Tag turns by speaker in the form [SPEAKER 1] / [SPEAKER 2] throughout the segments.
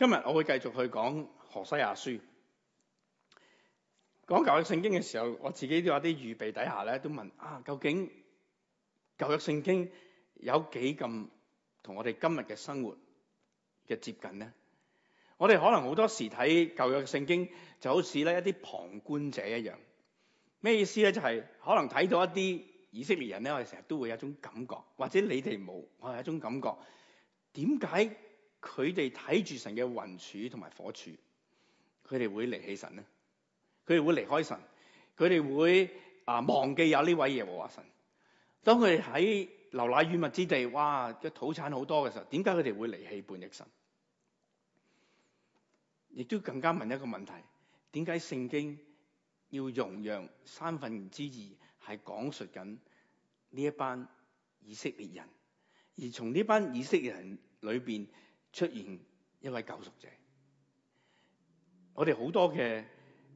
[SPEAKER 1] 今日我會繼續去講何西亞書。講舊約聖經嘅時候，我自己都有啲預備底下咧，都問啊，究竟舊約聖經有幾咁同我哋今日嘅生活嘅接近呢？我哋可能好多時睇舊約聖經就好似咧一啲旁觀者一樣。咩意思咧？就係可能睇到一啲以色列人咧，我哋成日都會有一種感覺，或者你哋冇，我有一種感覺。點解？佢哋睇住神嘅雲柱同埋火柱，佢哋會離棄神咧？佢哋會離開神？佢哋會啊忘記有呢位耶和華神？當佢哋喺流奶與蜜之地，哇嘅土產好多嘅時候，點解佢哋會離棄叛逆神？亦都更加問一個問題：點解聖經要容讓三分之二係講述緊呢一班以色列人？而從呢班以色列人裏邊。出現一位救贖者，我哋好多嘅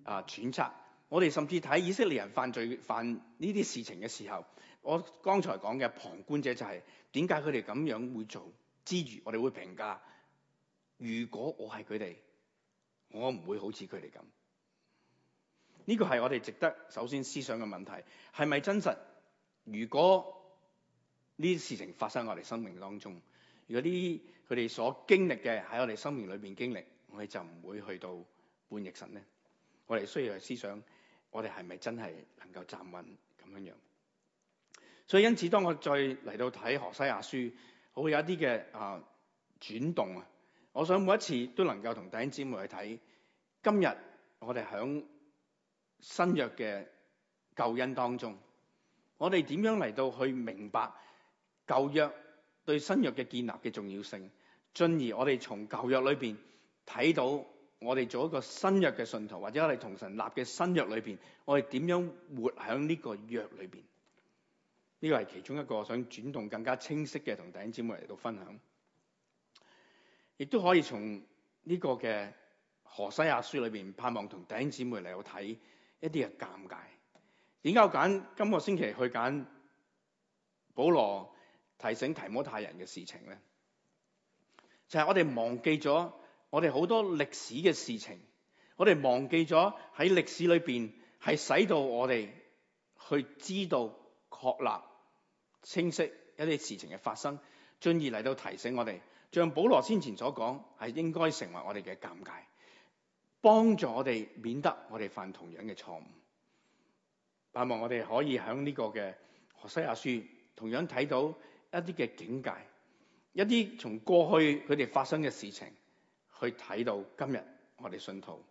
[SPEAKER 1] 啊揣測，我哋甚至睇以色列人犯罪犯呢啲事情嘅時候，我剛才講嘅旁觀者就係點解佢哋咁樣會做之餘，我哋會評價，如果我係佢哋，我唔會好似佢哋咁。呢個係我哋值得首先思想嘅問題，係咪真實？如果呢啲事情發生喺我哋生命當中？如果啲佢哋所經歷嘅喺我哋生命裏邊經歷，我哋就唔會去到半逆神咧。我哋需要去思想，我哋係咪真係能夠站穩咁樣樣？所以因此，當我再嚟到睇何西亞書，我會有一啲嘅啊轉動啊。我想每一次都能夠同弟兄姊妹去睇，今日我哋喺新約嘅救恩當中，我哋點樣嚟到去明白舊約？對新約嘅建立嘅重要性，進而我哋從舊約裏邊睇到我哋做一個新約嘅信徒，或者我哋同神立嘅新約裏邊，我哋點樣活響呢個約裏邊？呢個係其中一個想轉動更加清晰嘅，同弟兄姊妹嚟到分享。亦都可以從呢個嘅何西亞書裏邊，盼望同弟兄姊妹嚟到睇一啲嘅尷尬。點解我揀今個星期去揀保羅？提醒提摩太人嘅事情咧，就係、是、我哋忘記咗我哋好多歷史嘅事情，我哋忘記咗喺歷史裏邊係使到我哋去知道、確立、清晰一啲事情嘅發生，進而嚟到提醒我哋，像保羅先前所講，係應該成為我哋嘅尷尬，幫助我哋免得我哋犯同樣嘅錯誤。盼望我哋可以喺呢個嘅何西亞書同樣睇到。一啲嘅警戒，一啲從過去佢哋發生嘅事情去睇到今日我哋信徒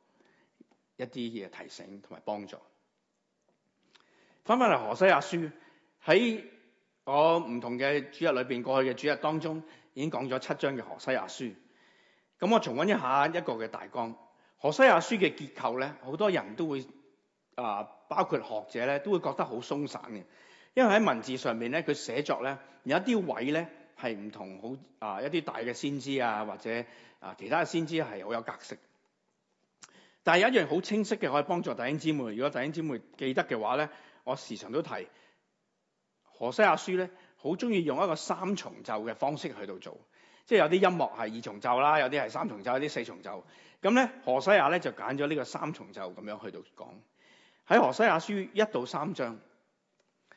[SPEAKER 1] 一啲嘅提醒同埋幫助。翻返嚟何西亞書，喺我唔同嘅主日裏邊，過去嘅主日當中已經講咗七章嘅何西亞書。咁我重溫一下一個嘅大綱，何西亞書嘅結構咧，好多人都會啊，包括學者咧都會覺得好鬆散嘅。因為喺文字上面咧，佢寫作咧有一啲位咧係唔同，好啊一啲大嘅先知啊，或者啊其他嘅先知係好有格式，但係有一樣好清晰嘅，可以幫助弟兄姊妹。如果弟兄姊妹記得嘅話咧，我時常都提何西亞書咧，好鍾意用一個三重奏嘅方式去到做，即係有啲音樂係二重奏啦，有啲係三重奏，有啲四重奏。咁咧何西亞咧就揀咗呢個三重奏咁樣去到講喺何西亞書一到三章。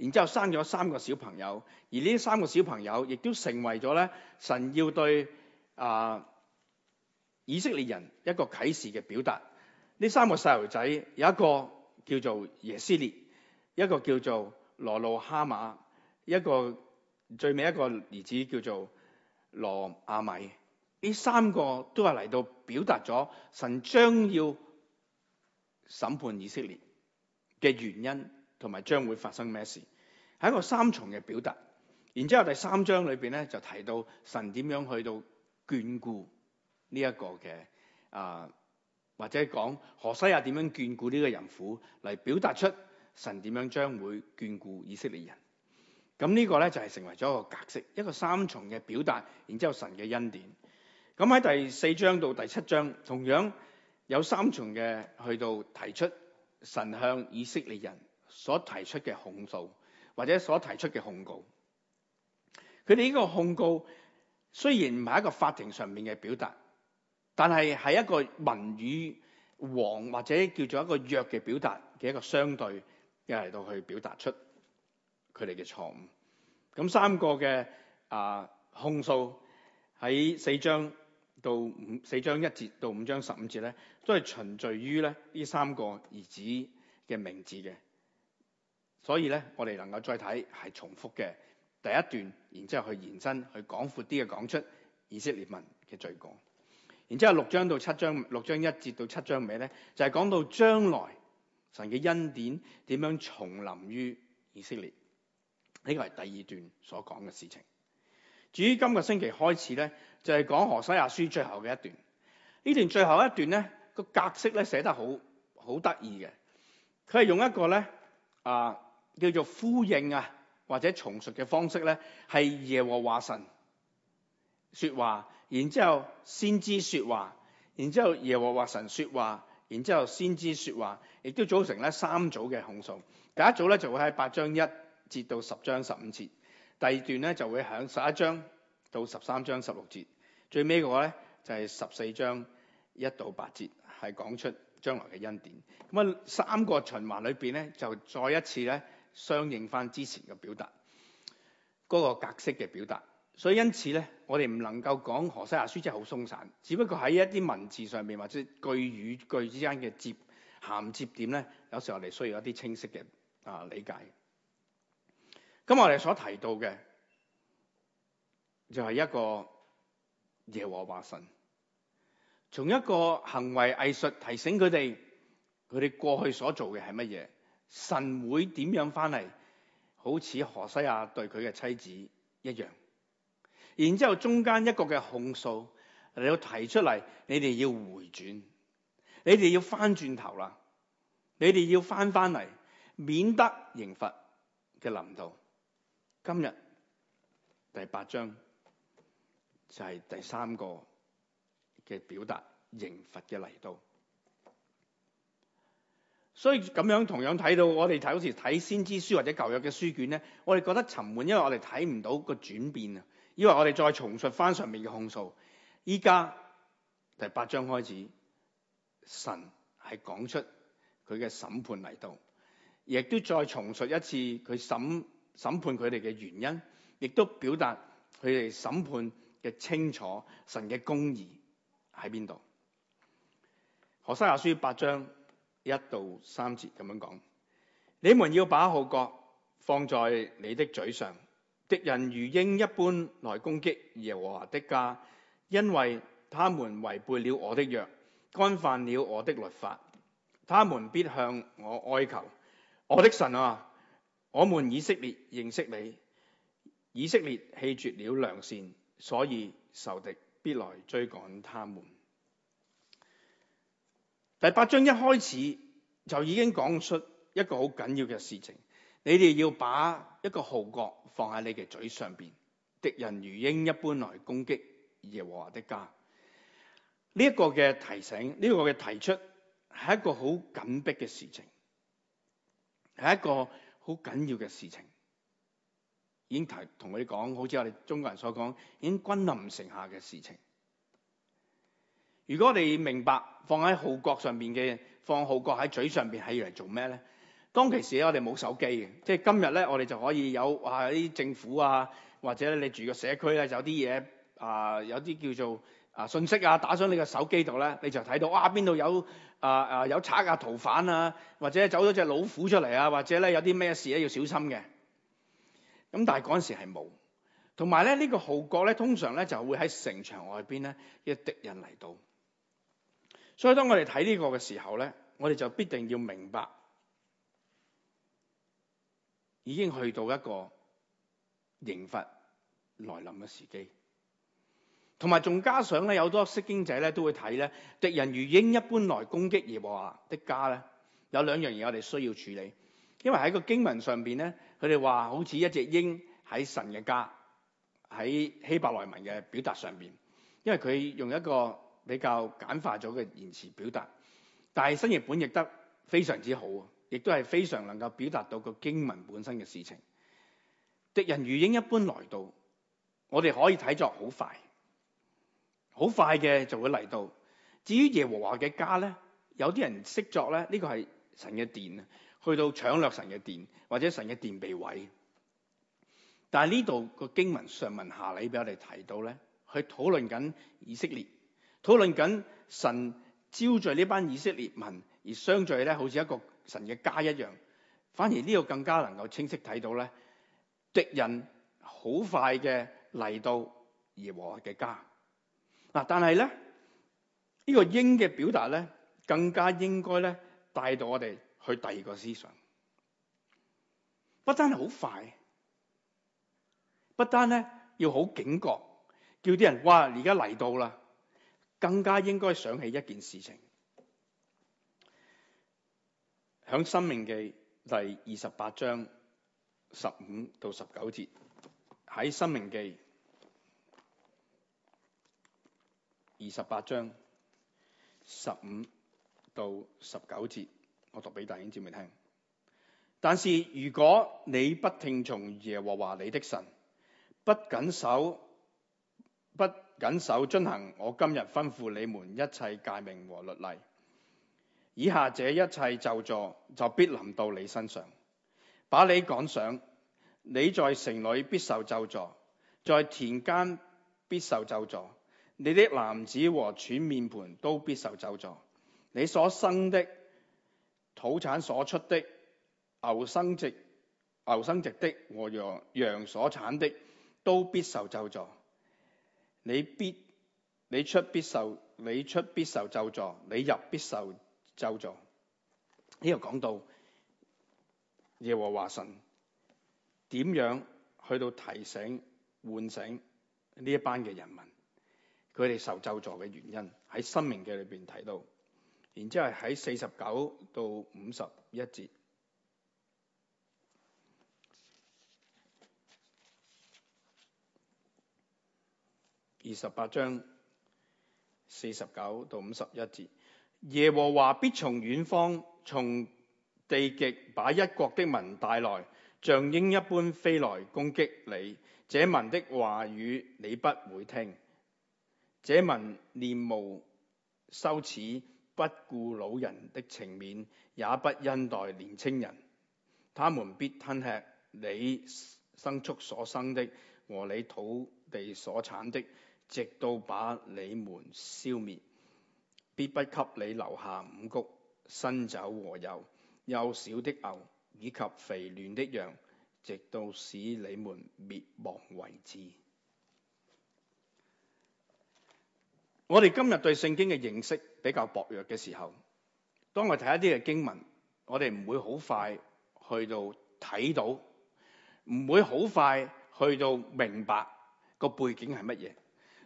[SPEAKER 1] 然之後生咗三個小朋友，而呢三個小朋友亦都成為咗咧神要對啊以色列人一個啟示嘅表達。呢三個細路仔有一個叫做耶斯列，一個叫做羅路哈瑪，一個最尾一個兒子叫做羅阿米。呢三個都係嚟到表達咗神將要審判以色列嘅原因。同埋將會發生咩事？係一個三重嘅表達，然之後第三章裏邊咧就提到神點樣去到眷顧呢一個嘅啊、呃，或者講何西亞點樣眷顧呢個人婦，嚟表達出神點樣將會眷顧以色列人。咁呢個咧就係、是、成為咗一個格式，一個三重嘅表達，然之後神嘅恩典。咁喺第四章到第七章同樣有三重嘅去到提出神向以色列人所提出嘅控訴，或者所提出嘅控告，佢哋呢個控告雖然唔係一個法庭上面嘅表達，但係係一個文與王或者叫做一個弱嘅表達嘅一個相對嘅嚟到去表達出佢哋嘅錯誤。咁三個嘅啊、呃、控訴喺四章到五四章一節到五章十五節咧，都係循序於咧呢這三個兒子嘅名字嘅。所以咧，我哋能夠再睇係重複嘅第一段，然之後去延伸，去廣闊啲嘅講出以色列民嘅罪過。然之後六章到七章，六章一節到七章尾咧，就係、是、講到將來神嘅恩典點樣重臨於以色列。呢個係第二段所講嘅事情。至於今個星期開始咧，就係講何西阿書最後嘅一段。呢段最後一段咧，個格式咧寫得好好得意嘅，佢係用一個咧啊。叫做呼應啊，或者重述嘅方式咧，係耶和華神說話，然之後先知說話，然之後耶和華神說話，然之後先知說話，亦都組成咧三組嘅控訴。第一組咧就會喺八章一節到十章十五節，第二段咧就會喺十一章到十三章十六節，最尾嘅話咧就係十四章一到八節，係講出將來嘅恩典。咁啊三個循環裏面咧就再一次咧。相應翻之前嘅表達，嗰個格式嘅表達，所以因此咧，我哋唔能夠講何西亞書即係好鬆散，只不過喺一啲文字上面或者句與句之間嘅接銜接點咧，有時候我哋需要一啲清晰嘅啊理解。咁我哋所提到嘅就係一個耶和華神，從一個行為藝術提醒佢哋佢哋過去所做嘅係乜嘢。神會點樣翻嚟？好似何西阿對佢嘅妻子一樣。然之後中間一個嘅控訴，你要提出嚟，你哋要回轉，你哋要翻轉頭啦，你哋要翻翻嚟，免得刑罰嘅臨到。今日第八章就係、是、第三個嘅表達：刑罰嘅嚟到。所以咁樣同樣睇到，我哋睇好似睇先知書或者舊約嘅書卷咧，我哋覺得沉悶，因為我哋睇唔到個轉變啊！以為我哋再重述翻上面嘅控訴，依家第八章開始，神係講出佢嘅審判嚟到，亦都再重述一次佢審審判佢哋嘅原因，亦都表達佢哋審判嘅清楚，神嘅公義喺邊度？何西亞書八章，一到三節咁樣講，你們要把號角放在你的嘴上，敵人如鷹一般來攻擊耶和華的家，因為他們違背了我的約，干犯了我的律法，他們必向我哀求。我的神啊，我們以色列認識你，以色列棄絕了良善，所以仇敵必來追趕他們。第八章一開始就已經講出一個好緊要嘅事情，你哋要把一個號角放喺你嘅嘴上邊，敵人如鷹一般來攻擊耶和華的家。呢、這、一個嘅提醒，呢、這個嘅提出係一個好緊迫嘅事情，係一個好緊要嘅事情，已經提同我哋講，好似我哋中國人所講，已經軍臨城下嘅事情。如果你明白。放喺號角上邊嘅，放號角喺嘴上邊係要嚟做咩咧？當其時咧，我哋冇手機嘅，即係今日咧，我哋就可以有哇！啲、啊、政府啊，或者你住個社區咧，就有啲嘢啊，有啲叫做啊信息啊，打上你嘅手機度咧，你就睇到哇！邊、啊、度有啊啊有賊啊、逃犯啊，或者走咗隻老虎出嚟啊，或者咧有啲咩事咧要小心嘅。咁但係嗰陣時係冇，同埋咧呢、呢個號角咧，通常咧就會喺城牆外邊咧，一敵人嚟到。所以當我哋睇呢個嘅時候咧，我哋就必定要明白已經去到一個刑罰來臨嘅時機，同埋仲加上咧，有多識經者咧都會睇咧，敵人如鷹一般來攻擊耶和華的家咧。有兩樣嘢我哋需要處理，因為喺個經文上邊咧，佢哋話好似一隻鷹喺神嘅家，喺希伯來文嘅表達上邊，因為佢用一個比較簡化咗嘅言辭表達，但係新譯本譯得非常之好啊！亦都係非常能夠表達到個經文本身嘅事情。敵人如鷹一般來到，我哋可以睇作好快，好快嘅就會嚟到。至於耶和華嘅家咧，有啲人識作咧，呢、呢個係神嘅殿，去到搶掠神嘅殿，或者神嘅殿被毀。但係呢度個經文上文下理俾我哋提到咧，去討論緊以色列。討論緊神招聚呢班以色列民而相聚咧，好似一個神嘅家一樣。反而呢個更加能夠清晰睇到咧，敵人好快嘅嚟到耶和華嘅家。嗱，但係咧，呢個鷹嘅表達咧，更加應該咧帶到我哋去第二個思想。不單係好快，不單咧要好警覺，叫啲人哇！而家嚟到啦。更加應該想起一件事情，喺《生命記》第二十八章十五到十九節，喺《生命記》二十八章十五到十九節，我讀俾大家知未聽？但是如果你不聽從耶和華你的神，不謹守不。謹守遵行我今日吩咐你們一切誡命和律例，以下這一切咒詛，就必臨到你身上，把你趕上，你在城裏必受咒詛，在田間必受咒詛，你的男子和摶麵盆都必受咒詛。你所生的、土產所出的、牛生殖牛生殖的和羊羊所產的都必受咒詛。你必你出必受，你出必受咒詛，你入必受咒詛。呢度講到耶和華神點樣去到提醒、喚醒呢一班嘅人民，佢哋受咒詛嘅原因喺申命記裏邊提到，然之後喺四十九到五十一節。二十八章四十九到五十一節：耶和華必從遠方、從地極把一國的民帶來，像鷹一般飛來攻擊你。這民的話語你不會聽，這民念無羞恥，不顧老人的情面，也不恩待年青人。他們必吞吃你牲畜所生的和你土地所產的。直到把你們消滅，必不給你留下五穀、新酒和油、幼小的牛以及肥嫩的羊，直到使你們滅亡為止。我哋今日對聖經嘅認識比較薄弱嘅時候，當我睇一啲嘅經文，我哋唔會好快去到睇到，唔會好快去到明白個背景係乜嘢。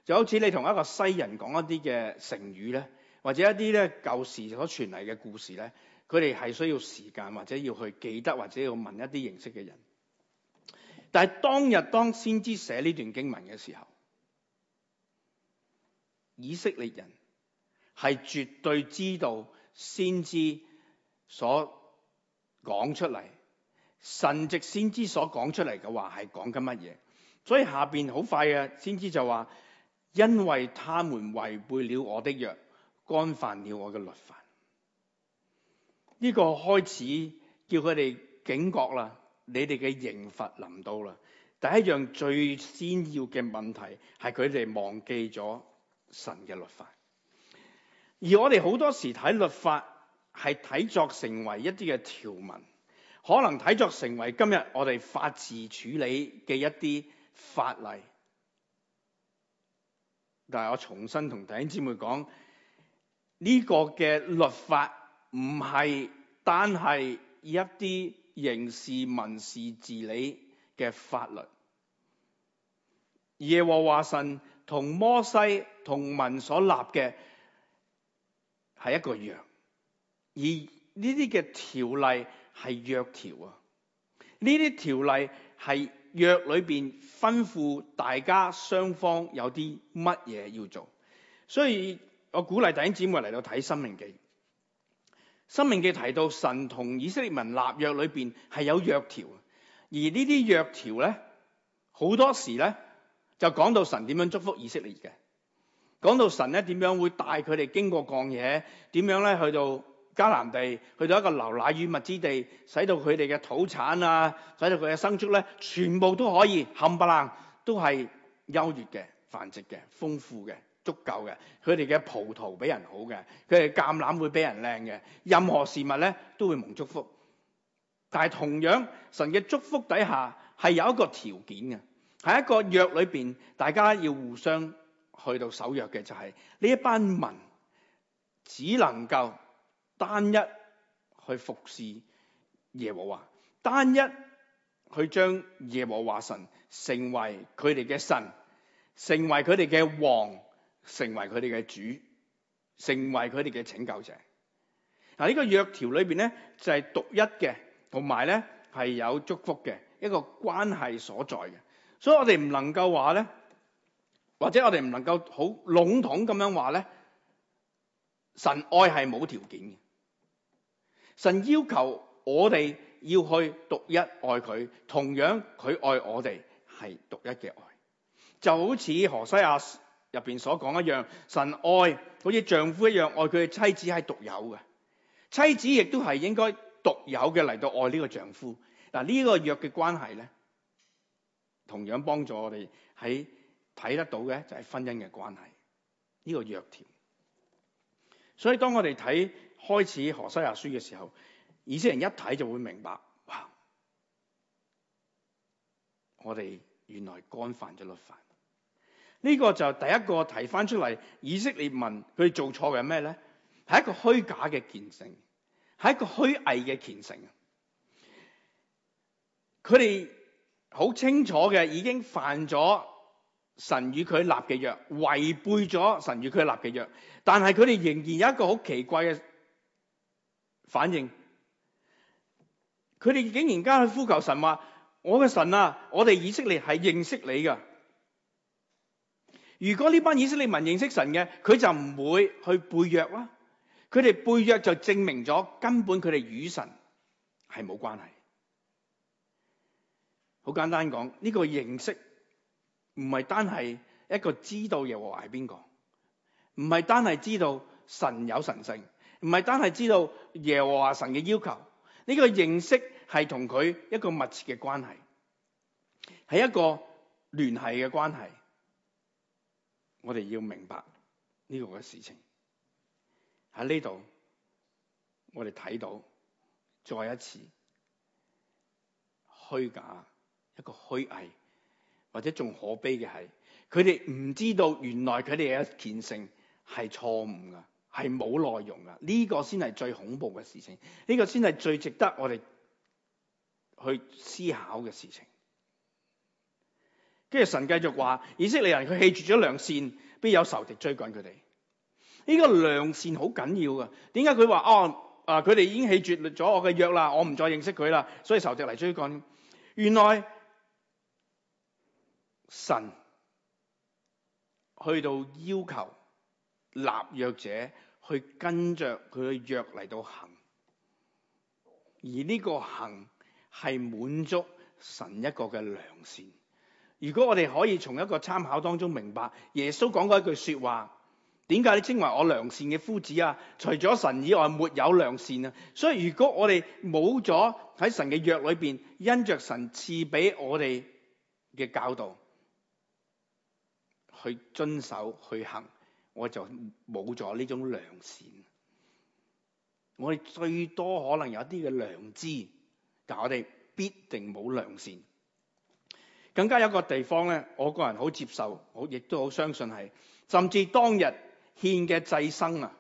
[SPEAKER 1] 就好似你同一個西人講一啲嘅成語咧，或者一啲咧舊時所傳嚟嘅故事咧，佢哋係需要時間或者要去記得或者要問一啲認識嘅人。但係當日當先知寫呢段經文嘅時候，以色列人係絕對知道先知所講出嚟，神藉先知所講出嚟嘅話係講緊乜嘢，所以下面好快呀，先知就話。因為他們違背了我的約，干犯了我嘅律法。呢、這個開始叫佢哋警覺啦，你哋嘅刑罰臨到啦。第一樣最先要嘅問題係佢哋忘記咗神嘅律法。而我哋好多時睇律法係睇作成為一啲嘅條文，可能睇作成為今日我哋法治處理嘅一啲法例。但係我重新同弟兄姊妹講，呢、這個嘅律法唔係單係一啲刑事、民事治理嘅法律。耶和華神同摩西同民所立嘅係一個約，而呢啲嘅條例係約條啊，呢啲條例係。約裏邊吩咐大家雙方有啲乜嘢要做，所以我鼓勵弟兄姊妹嚟到睇《申命記》，《申命記》提到神同以色列民立約裏邊係有約條，而呢啲約條呢，好多時呢就講到神點樣祝福以色列嘅，講到神呢點樣會帶佢哋經過曠野，點樣呢去到。迦南地去到一個流奶與蜜之地，使到佢哋嘅土產啊，使到佢嘅生畜咧，全部都可以冚唪唥，都係優越嘅、繁殖嘅、豐富嘅、足夠嘅。佢哋嘅葡萄比人好嘅，佢哋橄欖會比人靚嘅。任何事物咧都會蒙祝福，但係同樣神嘅祝福底下係有一個條件嘅，喺一個約裏面，大家要互相去到守約嘅、就是，就係呢一班民只能夠，單一去服侍耶和華，單一去將耶和華神成為佢哋嘅神，成為佢哋嘅王，成為佢哋嘅主，成為佢哋嘅拯救者。嗱呢個約條裏邊咧就係獨一嘅，同埋咧係有祝福嘅一個關係所在嘅，所以我哋唔能夠話咧，或者我哋唔能夠好籠統咁樣話咧，神愛係冇條件嘅。神要求我哋要去獨一愛佢，同樣佢愛我哋係獨一嘅愛，就好似何西阿入邊所講一樣，神愛好似丈夫一樣愛佢嘅妻子係獨有嘅，妻子亦都係應該獨有嘅嚟到愛呢個丈夫。嗱、這、呢個約嘅關係咧，同樣幫助我哋喺睇得到嘅就係婚姻嘅關係，呢、這個約條。所以當我哋睇。開始何西亞書嘅時候，以色列人一睇就會明白，哇！我哋原來干犯咗律法。呢、這個就第一個提翻出嚟。以色列民佢做錯嘅係咩咧？係一個虛假嘅虔誠，係一個虛偽嘅虔誠。佢哋好清楚嘅，已經犯咗神與佢立嘅約，違背咗神與佢立嘅約，但係佢哋仍然有一個好奇怪嘅。反應，佢哋竟然加去呼求神話，我嘅神啊，我哋以色列係認識你噶。如果呢班以色列民認識神嘅，佢就唔會去背約啦。佢哋背約就證明咗根本佢哋與神係冇關係。好簡單講，呢個認識唔係單係一個知道耶和華係邊個，唔係單係知道神有神性。唔係單係知道耶和華神嘅要求，呢、這個認識係同佢一個密切嘅關係，係一個聯繫嘅關係。我哋要明白呢個嘅事情喺呢度，我哋睇到再一次虛假一個虛偽，或者仲可悲嘅係佢哋唔知道原來佢哋嘅虔誠係錯誤噶，係冇內容噶，呢個先係最恐怖嘅事情，呢個先係最值得我哋去思考嘅事情。跟住神繼續話：以色列人，佢棄絕咗良善，必有仇敵追趕佢哋。呢個良善好緊要噶。點解佢話哦？啊，佢哋已經棄絕咗我嘅約啦，我唔再認識佢啦，所以仇敵嚟追趕。原來神去到要求。立約者去跟着佢嘅約嚟到行，而呢個行係滿足神一個嘅良善。如果我哋可以從一個參考當中明白耶穌講過一句說話，點解你稱為我良善嘅夫子啊？除咗神以外，沒有良善啊！所以如果我哋冇咗喺神嘅約裏邊，因着神賜俾我哋嘅教導去遵守去行。我就冇咗呢種良善，我哋最多可能有啲嘅良知，但我哋必定冇良善。更加有個地方咧，我個人好接受，我亦都好相信係，甚至當日獻嘅祭牲啊，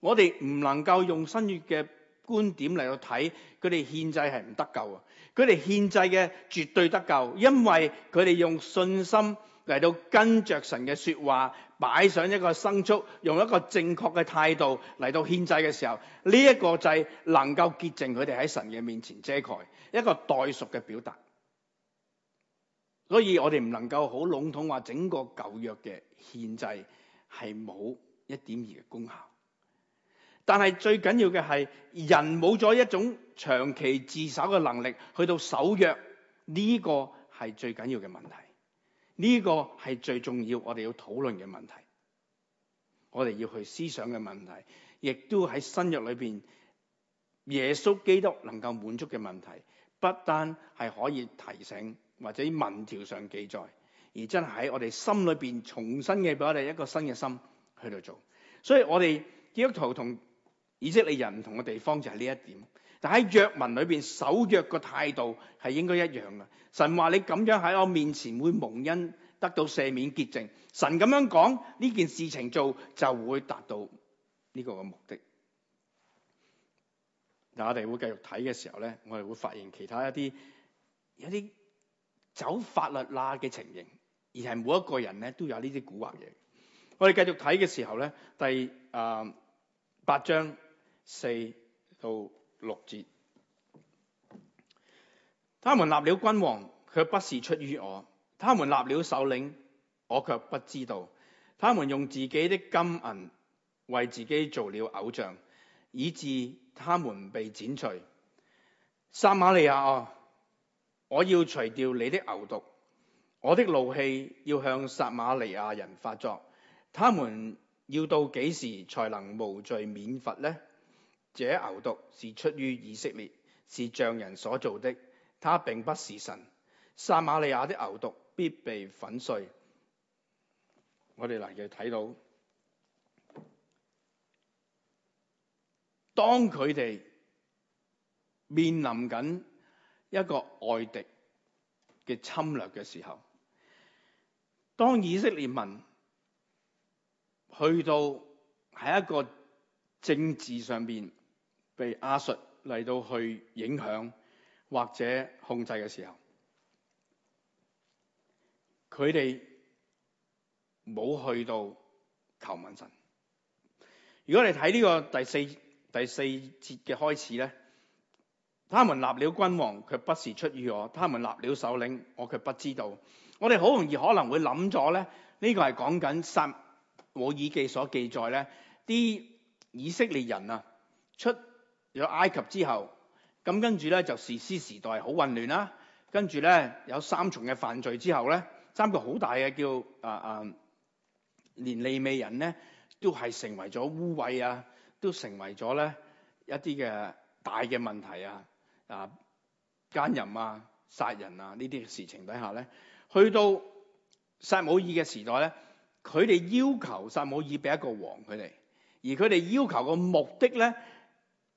[SPEAKER 1] 我哋唔能夠用新月嘅觀點嚟到睇佢哋獻祭係唔得救啊！佢哋獻祭嘅絕對得救，因為佢哋用信心。嚟到跟着神嘅說話，擺上一個牲畜，用一個正確嘅態度嚟到獻祭嘅時候，呢、這、一個祭能夠潔淨佢哋喺神嘅面前遮蓋，一個代贖嘅表達。所以我哋唔能夠好籠統話整個舊約嘅獻祭係冇一點二嘅功效。但係最緊要嘅係人冇咗一種長期自守嘅能力去到守約，呢、這個係最緊要嘅問題。呢、這個係最重要，我哋要討論嘅問題，我哋要去思想嘅問題，亦都喺新約裏邊，耶穌基督能夠滿足嘅問題，不單係可以提醒或者文條上記載，而真係喺我哋心裏邊重新嘅，俾我哋一個新嘅心去度做。所以我哋基督徒同以色列人唔同嘅地方就係呢一點。但喺約文裏邊守約個態度係應該一樣嘅。神話你咁樣喺我面前會蒙恩，得到赦免潔淨。神咁樣講呢件事情，做就會達到呢個嘅目的。那我哋會繼續睇嘅時候咧，我哋會發現其他一啲有啲走法律罅嘅情形，而係每一個人咧都有呢啲古惑嘢。我哋繼續睇嘅時候咧，第啊、呃、八章四到六節，他們立了君王，卻不是出於我；他們立了首領，我卻不知道。他們用自己的金銀為自己做了偶像，以致他們被剪除。撒馬利亞啊，我要除掉你的牛犢，我的怒氣要向撒馬利亞人發作。他們要到幾時才能無罪免罰呢？這牛犢是出於以色列，是匠人所做的，他並不是神。撒瑪利亞的牛犢必被粉碎。我哋能夠睇到，當佢哋面臨緊一個外敵嘅侵略嘅時候，當以色列民去到喺一個政治上面。被亞述嚟到去影響或者控制嘅時候，佢哋冇去到求問神。如果你睇呢個第四第四節嘅開始咧，他們立了君王卻不是出於我，他們立了首領我卻不知道。我哋好容易可能會諗咗咧，呢、這個係講緊《撒母耳記》所記載咧，啲以色列人啊出。有埃及之後，咁跟住咧就士師時代好混亂啦、啊。跟住咧有三重嘅犯罪之後咧，三個好大嘅叫啊啊，連利未人咧都係成為咗污穢啊，都成為咗咧一啲嘅大嘅問題啊啊，奸淫啊、殺人啊呢啲事情底下咧，去到撒母耳嘅時代咧，佢哋要求撒母耳俾一個王佢哋，而佢哋要求嘅目的咧。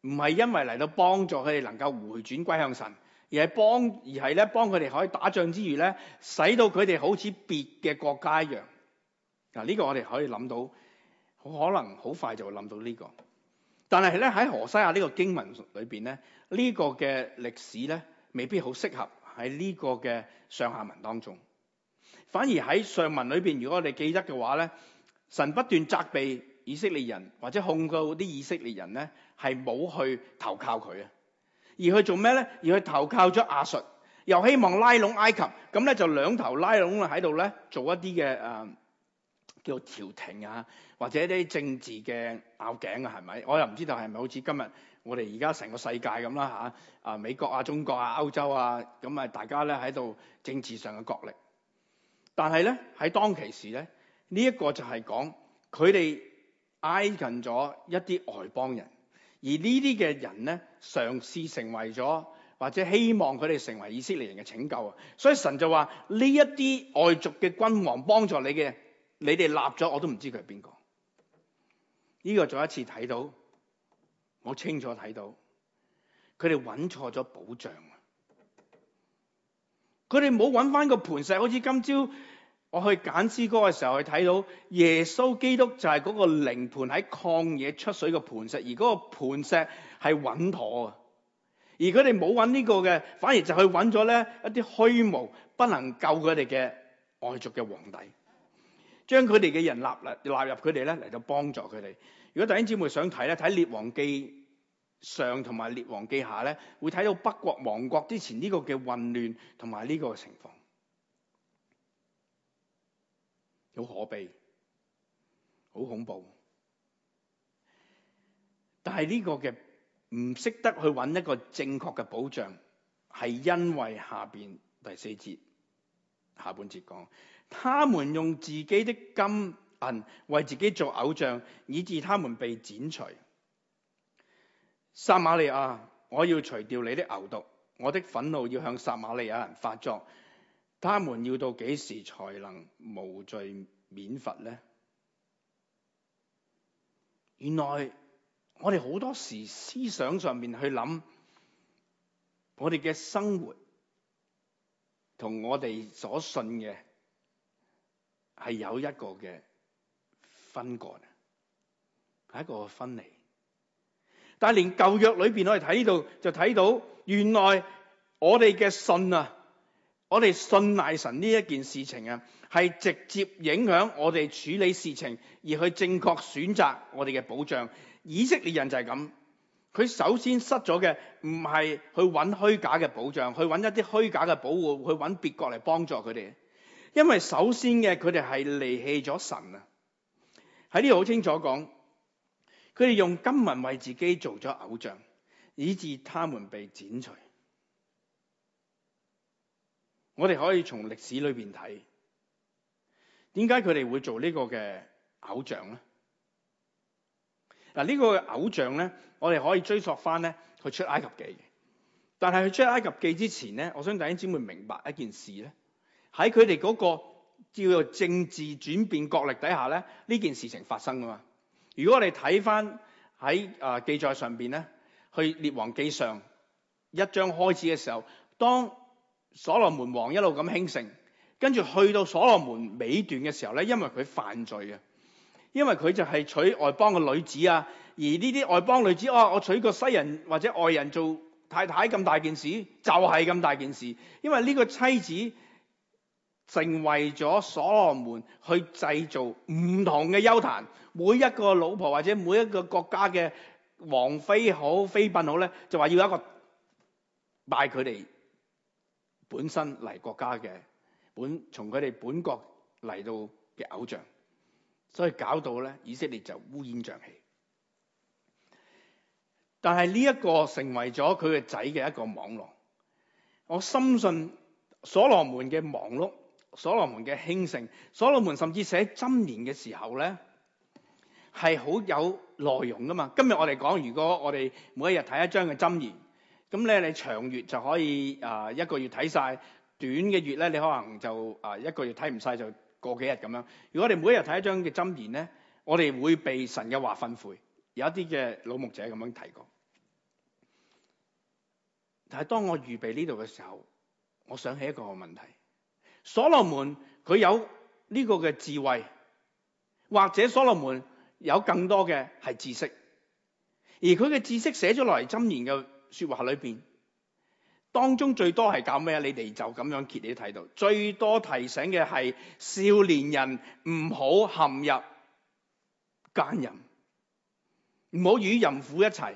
[SPEAKER 1] 唔係因為嚟到幫助佢哋能夠回轉歸向神，而係幫而係咧幫佢哋可以打仗之餘咧，使到佢哋好似別嘅國家一樣嗱。呢個我哋可以諗到，可能好快就會諗到呢個。但係咧喺何西亞呢個經文裏邊咧，呢個嘅歷史咧未必好適合喺呢個嘅上下文當中。反而喺上文裏邊，如果我哋記得嘅話咧，神不斷責備以色列人或者控告啲以色列人咧。係冇去投靠佢啊，而去做咩咧？而佢投靠咗阿術，又希望拉攏埃及咁咧，就兩頭拉攏啦喺度咧，做一啲嘅誒叫調停啊，或者一啲政治嘅拗頸啊，係咪？我又唔知道係咪好似今日我哋而家成個世界咁啦嚇啊，啊美國啊、中國啊、歐洲啊咁啊，大家咧喺度政治上嘅角力。但係咧喺當其時咧，呢一個就係講佢哋挨近咗一啲外邦人。而這些呢啲嘅人咧，嘗試成為咗，或者希望佢哋成為以色列人嘅拯救啊！所以神就話：呢一啲外族嘅君王幫助你嘅，你哋立咗我都唔知佢係邊個。呢個再一次睇到，我清楚睇到，佢哋揾錯咗保障啊！佢哋冇揾翻個磐石，好似今朝。我去揀詩歌嘅時候，去睇到耶穌基督就係嗰個靈盤喺曠野出水嘅盤石，而嗰個盤石係穩妥啊！而佢哋冇揾呢個嘅，反而就去揾咗咧一啲虛無不能救佢哋嘅外族嘅皇帝，將佢哋嘅人納嚟納入佢哋咧嚟到幫助佢哋。如果弟兄姊妹想睇咧，睇《列王記上》同埋《列王記下》咧，會睇到北國亡國之前呢個嘅混亂同埋呢個嘅情況。好可悲，好恐怖。但係呢個嘅唔識得去揾一個正確嘅保障，係因為下面第四節下半節講，他們用自己的金銀為自己做偶像，以致他們被剪除。撒瑪利亞，我要除掉你的牛犢，我的憤怒要向撒瑪利亞人發作。他們要到幾時才能無罪免罰呢？原來我哋好多時思想上面去諗我哋嘅生活同我哋所信嘅係有一個嘅分割啊，係一個分離。但是連舊約裏面我哋睇到就睇到，看到原來我哋嘅信啊！我哋信賴神呢一件事情啊，係直接影響我哋處理事情，而去正確選擇我哋嘅保障。以色列人就係咁，佢首先失咗嘅唔係去揾虛假嘅保障，去揾一啲虛假嘅保護，去揾別國嚟幫助佢哋。因為首先嘅佢哋係離棄咗神啊，喺呢度好清楚講，佢哋用金銀為自己做咗偶像，以致他們被剪除。我哋可以從歷史裏面睇，點解佢哋會做呢個嘅偶像咧？嗱，呢個偶像咧，我哋可以追溯翻咧，佢出埃及記。但係去出埃及記之前咧，我想大家先會明白一件事咧，喺佢哋嗰個叫做政治轉變角力底下咧，呢件事情發生噶嘛。如果我哋睇翻喺啊記載上面咧，去列王記上一章開始嘅時候，當所羅門王一路咁興盛，跟住去到所羅門尾段嘅時候呢，因為佢犯罪啊，因為佢就係娶外邦嘅女子啊，而呢啲外邦女子，哦，我娶個西人或者外人做太太，咁大件事就係、是、咁大件事，因為呢個妻子成為咗所羅門去製造唔同嘅丘壇，每一個老婆或者每一個國家嘅王妃好、妃嬪好呢，就話要一個拜佢哋。本身嚟國家嘅本從佢哋本國嚟到嘅偶像，所以搞到咧以色列就烏煙瘴氣。但係呢一個成為咗佢嘅仔嘅一個網絡。我深信所羅門嘅忙碌、所羅門嘅興盛、所羅門甚至寫箴言嘅時候咧係好有內容㗎嘛。今日我哋講，如果我哋每一日睇一章嘅箴言。咁咧，你長月就可以啊一個月睇晒，短嘅月咧，你可能就啊一個月睇唔晒，就過幾日咁樣。如果我哋每日睇一張嘅箴言咧，我哋會被神嘅話訓誨。有一啲嘅老牧者咁樣提過。但係當我預備呢度嘅時候，我想起一個問題：所羅門佢有呢個嘅智慧，或者所羅門有更多嘅係知識，而佢嘅知識寫咗落嚟箴言嘅。說話裏邊當中最多係教咩？你哋就咁樣揭，你睇到最多提醒嘅係少年人唔好陷入奸淫，唔好與淫婦一齊，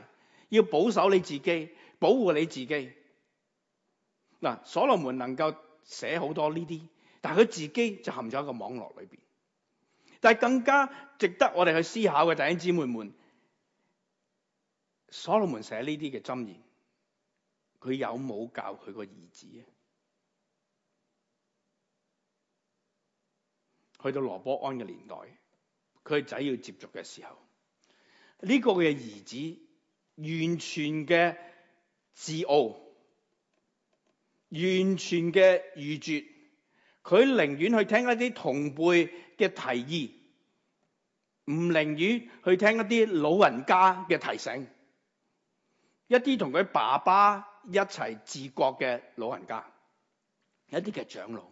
[SPEAKER 1] 要保守你自己，保護你自己。嗱，所羅門能夠寫好多呢啲，但係佢自己就陷咗一個網絡裏邊。但係更加值得我哋去思考嘅，弟兄姊妹們。所羅門寫呢啲嘅箴言，佢有冇教佢個兒子啊？去到羅波安嘅年代，佢仔要接續嘅時候，呢、這個嘅兒子完全嘅自傲，完全嘅愚絕，佢寧願去聽一啲同輩嘅提議，唔寧願去聽一啲老人家嘅提醒。一啲同佢爸爸一齊治國嘅老人家，一啲嘅長老，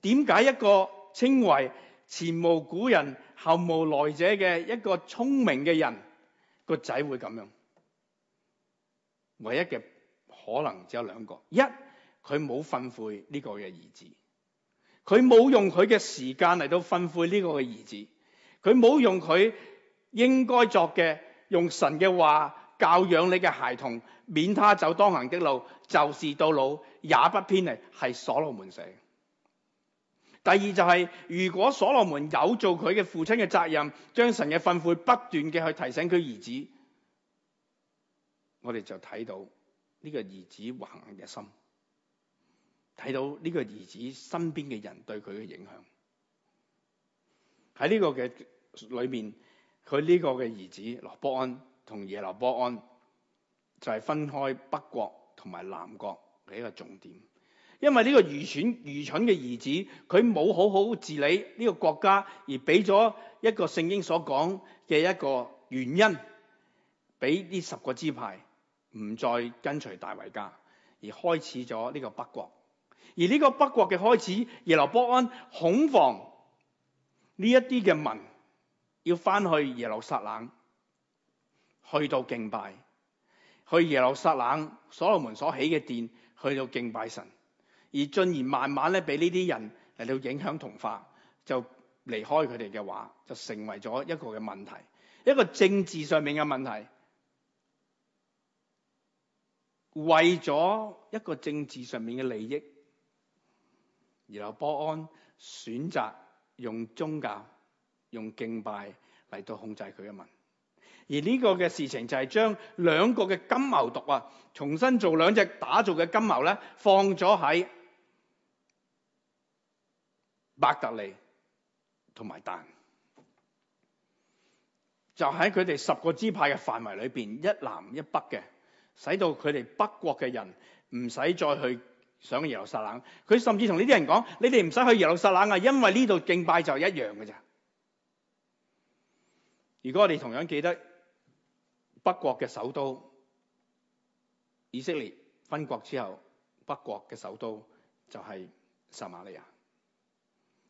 [SPEAKER 1] 點解一個稱為前無古人、後無來者嘅一個聰明嘅人個仔會咁樣？唯一嘅可能只有兩個：一，佢冇訓誨呢個嘅兒子，佢冇用佢嘅時間嚟到訓誨呢個嘅兒子，佢冇用佢應該作嘅。用神嘅話教養你嘅孩童，免他走當行的路，就是到老也不偏離，係所羅門寫。第二就係、是，如果所羅門有做佢嘅父親嘅責任，將神嘅吩咐不斷嘅去提醒佢兒子，我哋就睇到呢個兒子橫行嘅心，睇到呢個兒子身邊嘅人對佢嘅影響。喺呢個嘅裏面。佢呢個嘅兒子羅波安同耶羅波安就係分開北國同埋南國嘅一個重點，因為呢個愚蠢愚蠢嘅兒子佢冇好好治理呢個國家，而俾咗一個聖經所講嘅一個原因，俾呢十個支派唔再跟隨大衞家，而開始咗呢個北國。而呢個北國嘅開始，耶羅波安恐慌呢一啲嘅民。要翻去耶路撒冷，去到敬拜，去耶路撒冷所羅門所起嘅殿，去到敬拜神，而進而慢慢咧，俾呢啲人嚟到影響同化，就離開佢哋嘅話，就成為咗一個嘅問題，一個政治上面嘅問題，為咗一個政治上面嘅利益，耶路波安選擇用宗教。用敬拜嚟到控制佢嘅民，而呢個嘅事情就係將兩個嘅金牛犢啊，重新做兩隻打造嘅金牛犢咧，放咗喺伯特利同埋但，就喺佢哋十個支派嘅範圍裏邊，一南一北嘅，使到佢哋北國嘅人唔使再去上耶路撒冷。佢甚至同呢啲人講，你哋唔使去耶路撒冷啊，因為呢度敬拜就一樣嘅咋。如果我哋同樣記得北國嘅首都，以色列分國之後，北國嘅首都就係撒瑪利亞。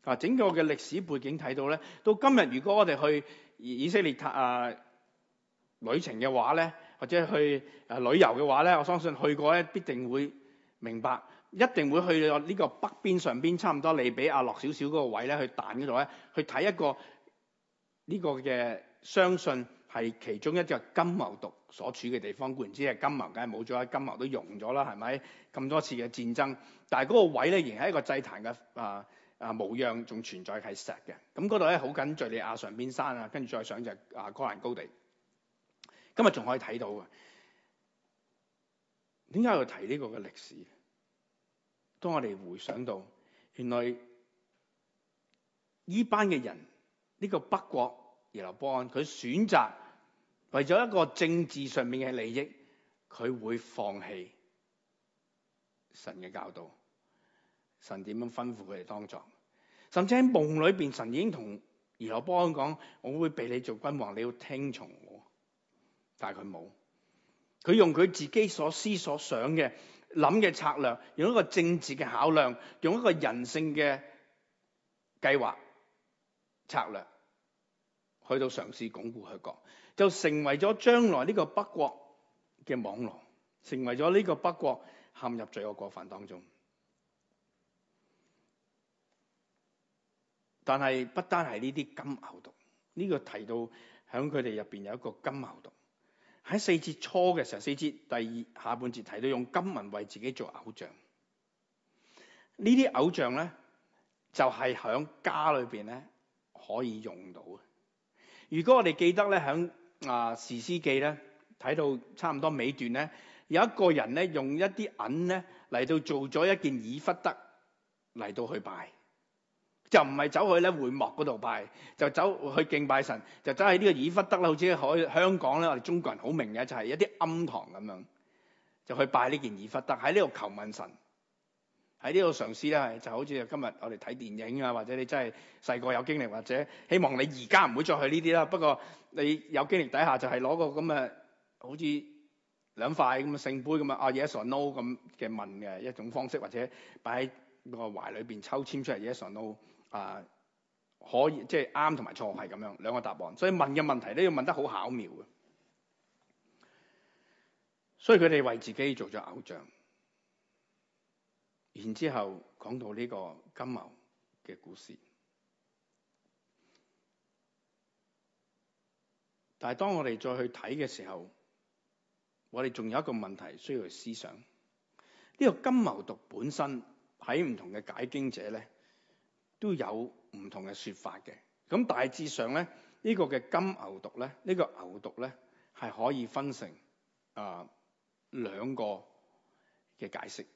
[SPEAKER 1] 啊，整個嘅歷史背景睇到咧，到今日如果我哋去以色列啊、呃、旅程嘅話咧，或者去旅遊嘅話咧，我相信去過咧必定會明白，一定會去到呢個北邊上邊差唔多利比阿落少少嗰個位咧，去但嗰度咧，去睇一個呢個嘅。相信係其中一個金牛犢所處嘅地方，固然之係金牛，梗係冇咗啦，金牛都融咗啦，係咪？咁多次嘅戰爭，但係嗰個位咧仍係一個祭壇嘅啊啊模樣仲存在係石嘅，咁嗰度咧好近敍利亞上邊山啊，跟住再上就啊哥蘭高地。今日仲可以睇到嘅，點解要提呢個嘅歷史？當我哋回想到原來呢班嘅人，呢個北國。耶羅波安，佢選擇為咗一個政治上面嘅利益，佢會放棄神嘅教導。神點樣吩咐佢哋當作？甚至喺夢裏面，神已經同耶羅波安講：我會畀你做君王，你要聽從我。但係佢冇。佢用佢自己所思所想嘅諗嘅策略，用一個政治嘅考量，用一個人性嘅計劃策略。去到嘗試鞏固佢國，就成為咗將來呢個北國嘅網絡，成為咗呢個北國陷入罪惡過犯當中。但係不單係呢啲金牛犢，呢、這個提到響佢哋入邊有一個金牛犢。喺四節初嘅時候，四節第二下半節提到用金文為自己做偶像。呢啲偶像咧，就係、是、響家裏邊咧可以用到。如果我哋記得咧，喺啊《士師記》咧睇到差唔多尾段咧，有一個人咧用一啲銀咧嚟到做咗一件以弗得嚟到去拜，就唔係走去咧會幕嗰度拜，就走去敬拜神，就走喺呢個以弗得啦。好似喺香港咧，我哋中國人好明嘅就係、是、一啲庵堂咁樣，就去拜呢件以弗得，喺呢度求問神。喺呢度嘗試咧，就好似今日我哋睇電影啊，或者你真係細個有經歷，或者希望你而家唔會再去呢啲啦。不過你有經歷底下就係攞個咁嘅，好似兩塊咁嘅聖杯咁啊，yes or no 咁嘅問嘅一種方式，或者擺喺個懷裏邊抽籤出嚟，yes or no 啊，可以即係啱同埋錯係咁樣兩個答案。所以問嘅問題都要問得好巧妙嘅，所以佢哋為自己做咗偶像。然之後講到呢個金牛犢嘅故事，但係當我哋再去睇嘅時候，我哋仲有一個問題需要去思想。呢個金牛犢本身喺唔同嘅解經者咧，都有唔同嘅說法嘅。咁大致上咧，呢個嘅金牛犢咧，呢個牛犢咧係可以分成啊兩個嘅解釋。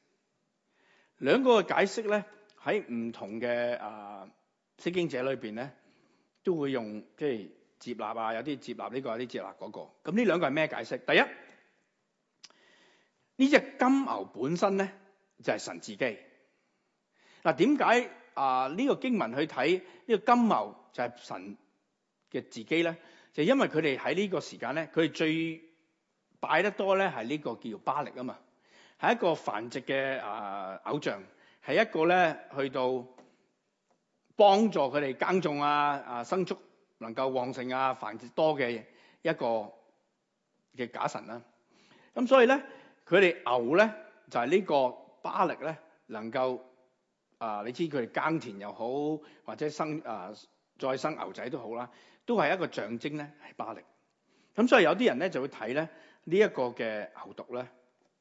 [SPEAKER 1] 兩個解釋咧，喺唔同嘅啊，釋經者裏邊咧，都會用即係接納啊，有啲接納呢、這個，有啲接納嗰、那個。咁呢兩個係咩解釋？第一，呢隻金牛本身咧就係、是、神自己。嗱點解啊？呢、啊這個經文去睇呢、這個金牛就係神嘅自己咧？就是、因為佢哋喺呢個時間咧，佢哋最擺得多咧係呢個叫做巴力啊嘛。係一個繁殖嘅啊、呃、偶像，係一個咧去到幫助佢哋耕種啊、啊生畜能夠旺盛啊、繁殖多嘅一個嘅假神啦、啊。咁所以咧，佢哋牛咧就係、是、呢個巴力咧能夠啊，你知佢哋耕田又好，或者生啊再生牛仔都好啦，都係一個象徵咧係巴力。咁所以有啲人咧就會睇咧呢一、這個嘅牛犢咧，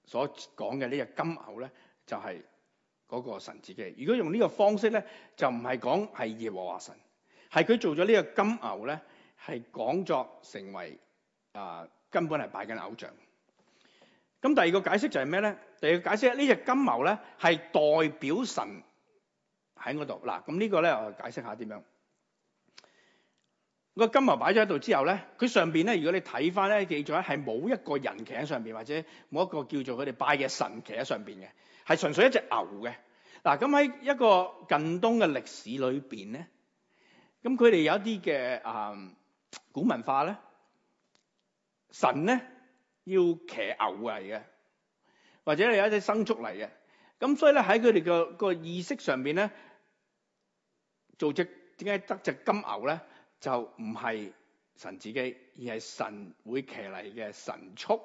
[SPEAKER 1] 所講嘅呢隻金牛咧，就係嗰個神自己。如果用呢個方式咧，就唔係講係耶和華神，係佢做咗呢隻金牛咧，係講作成為啊根本係拜緊偶像。咁第二個解釋就係咩咧？第二個解釋呢隻金牛咧係代表神喺嗰度嗱。咁呢個咧我解釋下點樣。個金牛擺咗喺度之後咧，佢上邊咧，如果你睇翻咧，記載係冇一個人騎喺上邊，或者冇一個叫做佢哋拜嘅神騎喺上邊嘅，係純粹一隻牛嘅。嗱，咁喺一個近東嘅歷史裏邊咧，咁佢哋有一啲嘅啊古文化咧，神咧要騎牛嚟嘅，或者有一隻牲畜嚟嘅。咁所以咧喺佢哋嘅個意識上邊咧，做只點解得隻金牛咧？就唔係神自己，而係神會騎嚟嘅神速。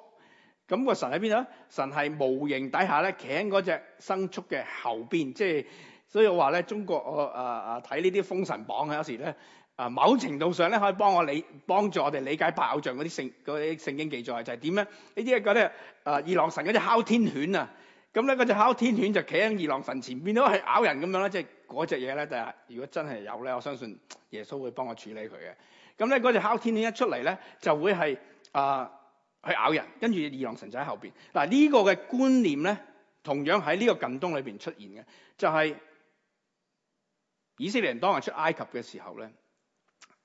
[SPEAKER 1] 咁個神喺邊度咧？神係模型底下咧，騎喺嗰隻牲畜嘅後邊。即係所以我話咧，中國我啊啊睇呢啲《封神榜》有時咧啊，某程度上咧可以幫我理幫助我哋理解拜偶像嗰啲聖啲聖經記載，就係點咧？呢啲嘢講咧啊，二郎神嗰隻哮天犬啊，咁咧嗰隻哮天犬就企喺二郎神前邊都係咬人咁樣啦，即係。嗰隻嘢咧就係，如果真係有咧，我相信耶穌會幫我處理佢嘅。咁咧嗰隻哮天犬一出嚟咧，就會係啊、呃、去咬人，跟住二郎神仔喺後邊。嗱、這、呢個嘅觀念咧，同樣喺呢個近東裏邊出現嘅，就係、是、以色列人當日出埃及嘅時候咧，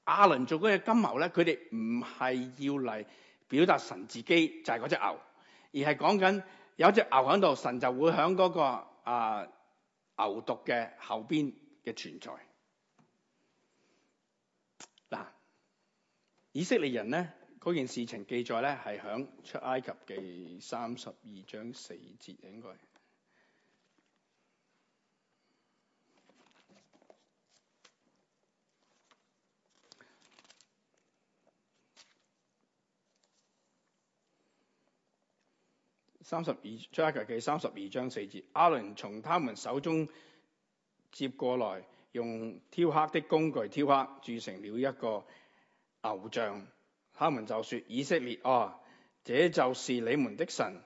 [SPEAKER 1] 亞倫做嗰隻金牛咧，佢哋唔係要嚟表達神自己就係、是、嗰隻牛，而係講緊有隻牛喺度，神就會喺嗰、那個啊。呃牛犢嘅後邊嘅存在，嗱，以色列人咧，嗰件事情記載咧，係響出埃及記三十二章四節應該。三十二出埃及記三十二章四節，阿倫從他們手中接過來，用雕刻的工具雕刻，鑄成了一個偶像。他們就説：以色列啊、哦，這就是你們的神，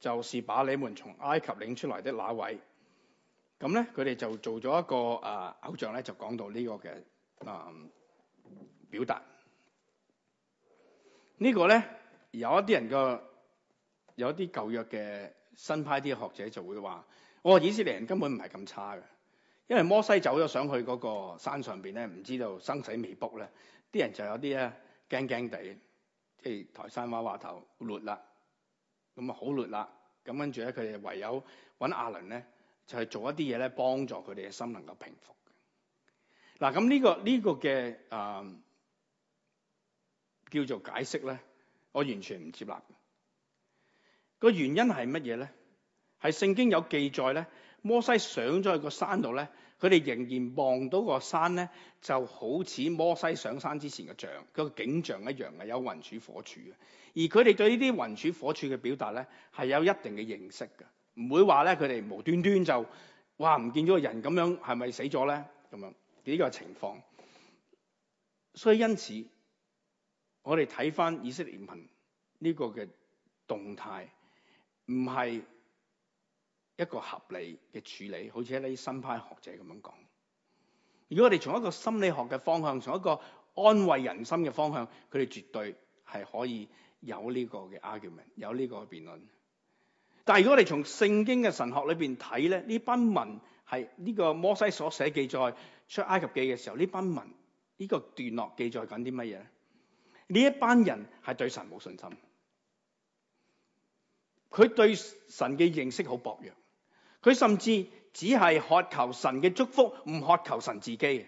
[SPEAKER 1] 就是把你們從埃及領出來的那位。咁咧，佢哋就做咗一個啊、呃、偶像咧，就講到這個、呃這個、呢個嘅啊表達。呢個咧有一啲人嘅。有啲舊約嘅新派啲學者就會話：我、哦、以色列人根本唔係咁差嘅，因為摩西走咗上去嗰個山上邊咧，唔知道生死未卜咧，啲人就有啲啊驚驚地，即係台山話話頭亂啦，咁啊好亂啦，咁跟住咧佢哋唯有揾亞倫咧，就去做一啲嘢咧幫助佢哋嘅心能夠平復。嗱、這個，咁、這、呢個呢個嘅啊叫做解釋咧，我完全唔接納。個原因係乜嘢咧？係聖經有記載咧，摩西上咗去個山度咧，佢哋仍然望到個山咧，就好似摩西上山之前嘅像，個景象一樣嘅，有雲柱火柱嘅。而佢哋對呢啲雲柱火柱嘅表達咧，係有一定嘅認識嘅，唔會話咧佢哋無端端就話唔見咗個人咁樣，係咪死咗咧？咁樣呢個情況。所以因此，我哋睇翻以色列民呢個嘅動態。唔係一個合理嘅處理，好似呢啲新派學者咁樣講。如果我哋從一個心理學嘅方向，從一個安慰人心嘅方向，佢哋絕對係可以有呢個嘅 argument，有呢個辯論。但係如果我哋從聖經嘅神學裏邊睇咧，呢班民係呢個摩西所寫記載出埃及記嘅時候，呢班民呢個段落記載緊啲乜嘢？呢一班人係對神冇信心。佢對神嘅認識好薄弱，佢甚至只係渴求神嘅祝福，唔渴求神自己。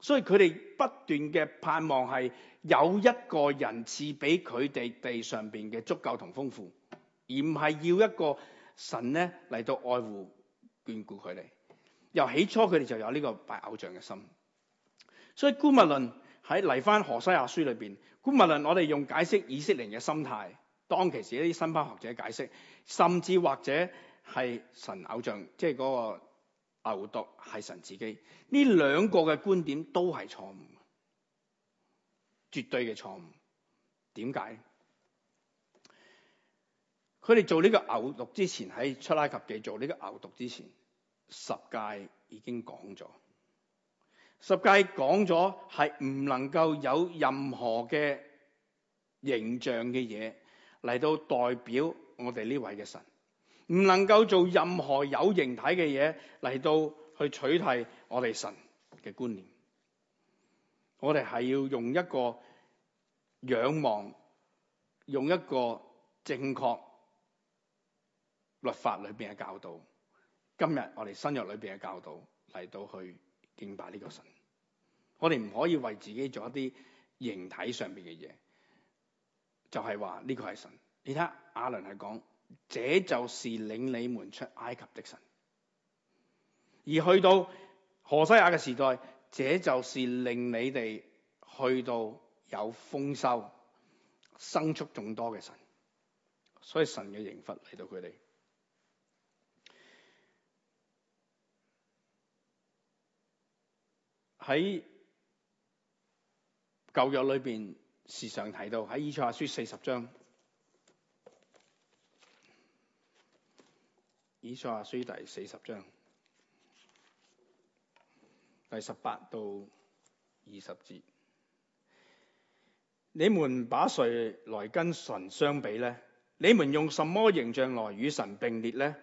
[SPEAKER 1] 所以佢哋不斷嘅盼望係有一個人賜俾佢哋地上邊嘅足夠同豐富，而唔係要一個神咧嚟到愛護眷顧佢哋。由起初佢哋就有呢個拜偶像嘅心，所以姑勿論喺嚟返何西亞書裏邊，姑勿論我哋用解釋以色列嘅心態。當其時啲新派學者解釋，甚至或者係神偶像，即係嗰個牛犢係神自己，呢兩個嘅觀點都係錯誤，絕對嘅錯誤。點解？佢哋做呢個牛犢之前，喺出埃及記做呢個牛犢之前，十戒已經講咗，十戒講咗係唔能夠有任何嘅形象嘅嘢。嚟到代表我哋呢位嘅神，唔能夠做任何有形體嘅嘢嚟到去取替我哋神嘅觀念。我哋係要用一個仰望，用一個正確律法裏邊嘅教導，今日我哋新約裏邊嘅教導嚟到去敬拜呢個神。我哋唔可以為自己做一啲形體上面嘅嘢。就係話呢個係神，你睇阿倫係講，這就是領你們出埃及的神，而去到何西阿嘅時代，這就是令你哋去到有豐收、牲畜眾多嘅神，所以神嘅刑罰嚟到佢哋喺舊約裏邊。時常提到喺《以賽亞書》四十章，《以賽亞書》第四十章，第十八到二十節：你們把誰來跟神相比呢？你們用什麼形象來與神並列呢？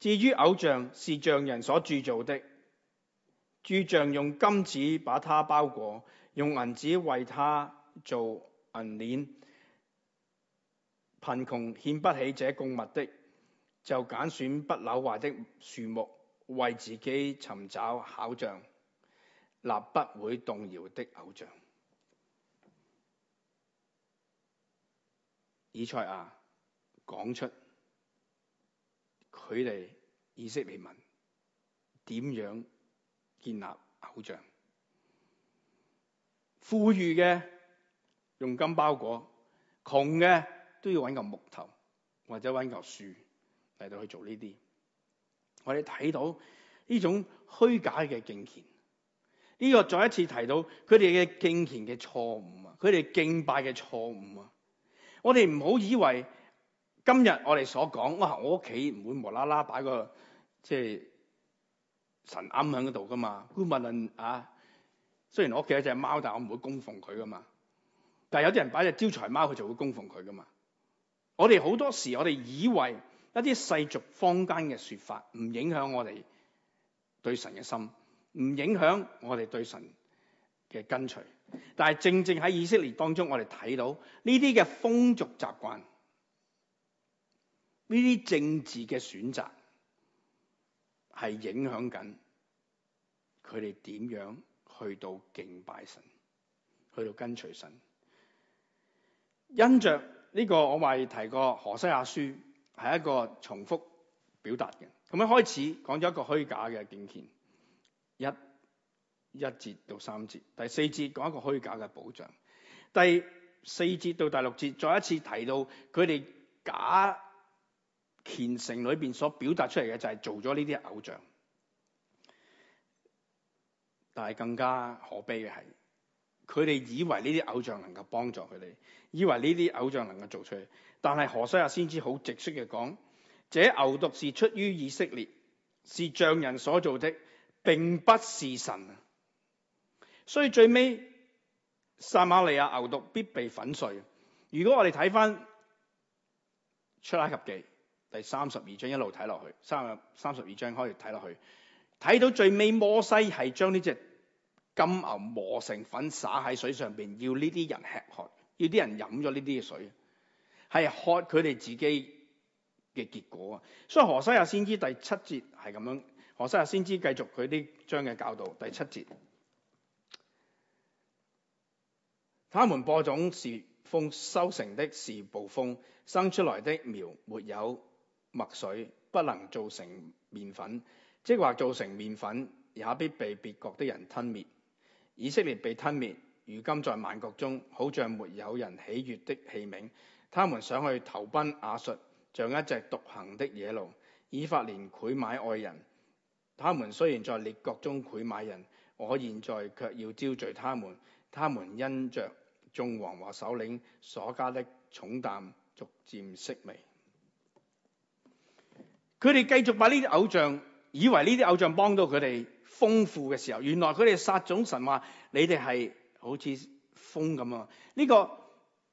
[SPEAKER 1] 至於偶像，是匠人所鑄造的，鑄匠用金子把它包裹，用銀子為它，做銀鏈，貧窮獻不起這供物的，就揀選不朽壞的樹木，為自己尋找偶像，立不會動搖的偶像。以賽亞講出佢哋以色列民點樣建立偶像，富裕嘅，用金包裹，窮嘅都要揾嚿木頭或者揾嚿樹嚟到去做呢啲。我哋睇到呢種虛假嘅敬虔，呢個再一次提到佢哋嘅敬虔嘅錯誤啊，佢哋敬拜嘅錯誤啊。我哋唔好以為今日我哋所講，我行我屋企唔會無啦啦擺個即係、就是、神龕喺度噶嘛。姑勿論啊，雖然我屋企有隻貓，但係我唔會供奉佢噶嘛。但係有啲人擺隻招財貓，佢就會供奉佢㗎嘛。我哋好多時候，我哋以為一啲世俗坊間嘅説法唔影響我哋對神嘅心，唔影響我哋對神嘅跟隨。但係正正喺以色列當中，我哋睇到呢啲嘅風俗習慣，呢啲政治嘅選擇係影響緊佢哋點樣去到敬拜神，去到跟隨神。因着呢個，我咪提過何西阿書係一個重複表達嘅。咁一開始講咗一個虛假嘅敬虔，一一節到三節，第四節講一個虛假嘅保障，第四節到第六節再一次提到佢哋假虔誠裏面所表達出嚟嘅就係做咗呢啲偶像，但係更加可悲嘅係。佢哋以為呢啲偶像能夠幫助佢哋，以為呢啲偶像能夠做出嚟，但係何西亞先知好直率嘅講：這牛犢是出於以色列，是匠人所造的，並不是神。所以最尾撒瑪利亞牛犢必被粉碎。如果我哋睇翻出埃及記第三十二章一路睇落去，三三十二章開始睇落去，睇到最尾摩西係將呢隻。金牛磨成粉撒喺水上邊，要呢啲人吃喝，要啲人飲咗呢啲水，係喝佢哋自己嘅結果啊！所以何西阿先知第七節係咁樣，何西阿先知繼續佢啲章嘅教導第七節，他們播種是風，收成的是暴風，生出來的苗沒有麥穗，不能做成麵粉，即或做成麵粉，也必被別國的人吞滅。以色列被吞滅，如今在萬國中好像沒有人喜悅的器皿。他們想去投奔阿述，像一隻獨行的野鹿。以法蓮賄買外人，他們雖然在列國中賄買人，我現在却要招聚他們。他們因着眾王和首領所加的重擔，逐漸息微。佢哋繼續把呢啲偶像，以為呢啲偶像幫到佢哋。豐富嘅時候，原來佢哋撒種神話，你哋係好似風咁啊！呢、這個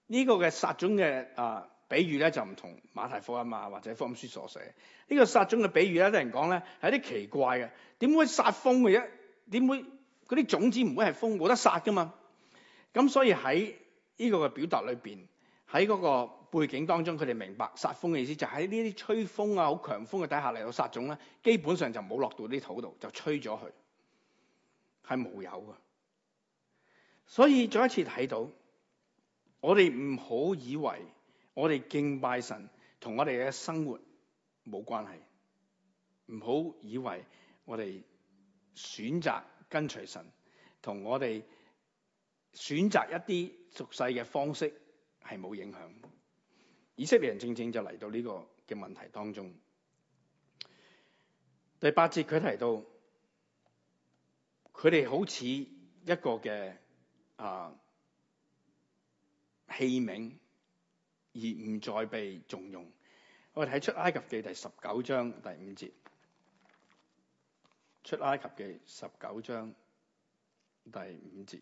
[SPEAKER 1] 呢、這個嘅撒種嘅啊、呃、比喻咧，就唔同馬太福音嘛，或者福音書所寫呢、這個撒種嘅比喻咧，聽人講咧係一啲奇怪嘅，點會撒風嘅啫？點會嗰啲種子唔會係風冇得撒噶嘛？咁所以喺呢個嘅表達裏邊，喺嗰、那個。背景當中，佢哋明白撒風嘅意思，就喺呢啲吹風啊、好強風嘅底下嚟到撒種咧，基本上就冇落到啲土度，就吹咗佢，係冇有嘅。所以再一次睇到，我哋唔好以為我哋敬拜神同我哋嘅生活冇關係，唔好以為我哋選擇跟隨神同我哋選擇一啲俗世嘅方式係冇影響。以色列人正正就嚟到呢個嘅問題當中。第八節佢提到，佢哋好似一個嘅啊器皿，而唔再被重用。我哋睇出埃及記第十九章第五節，出埃及記十九章第五節。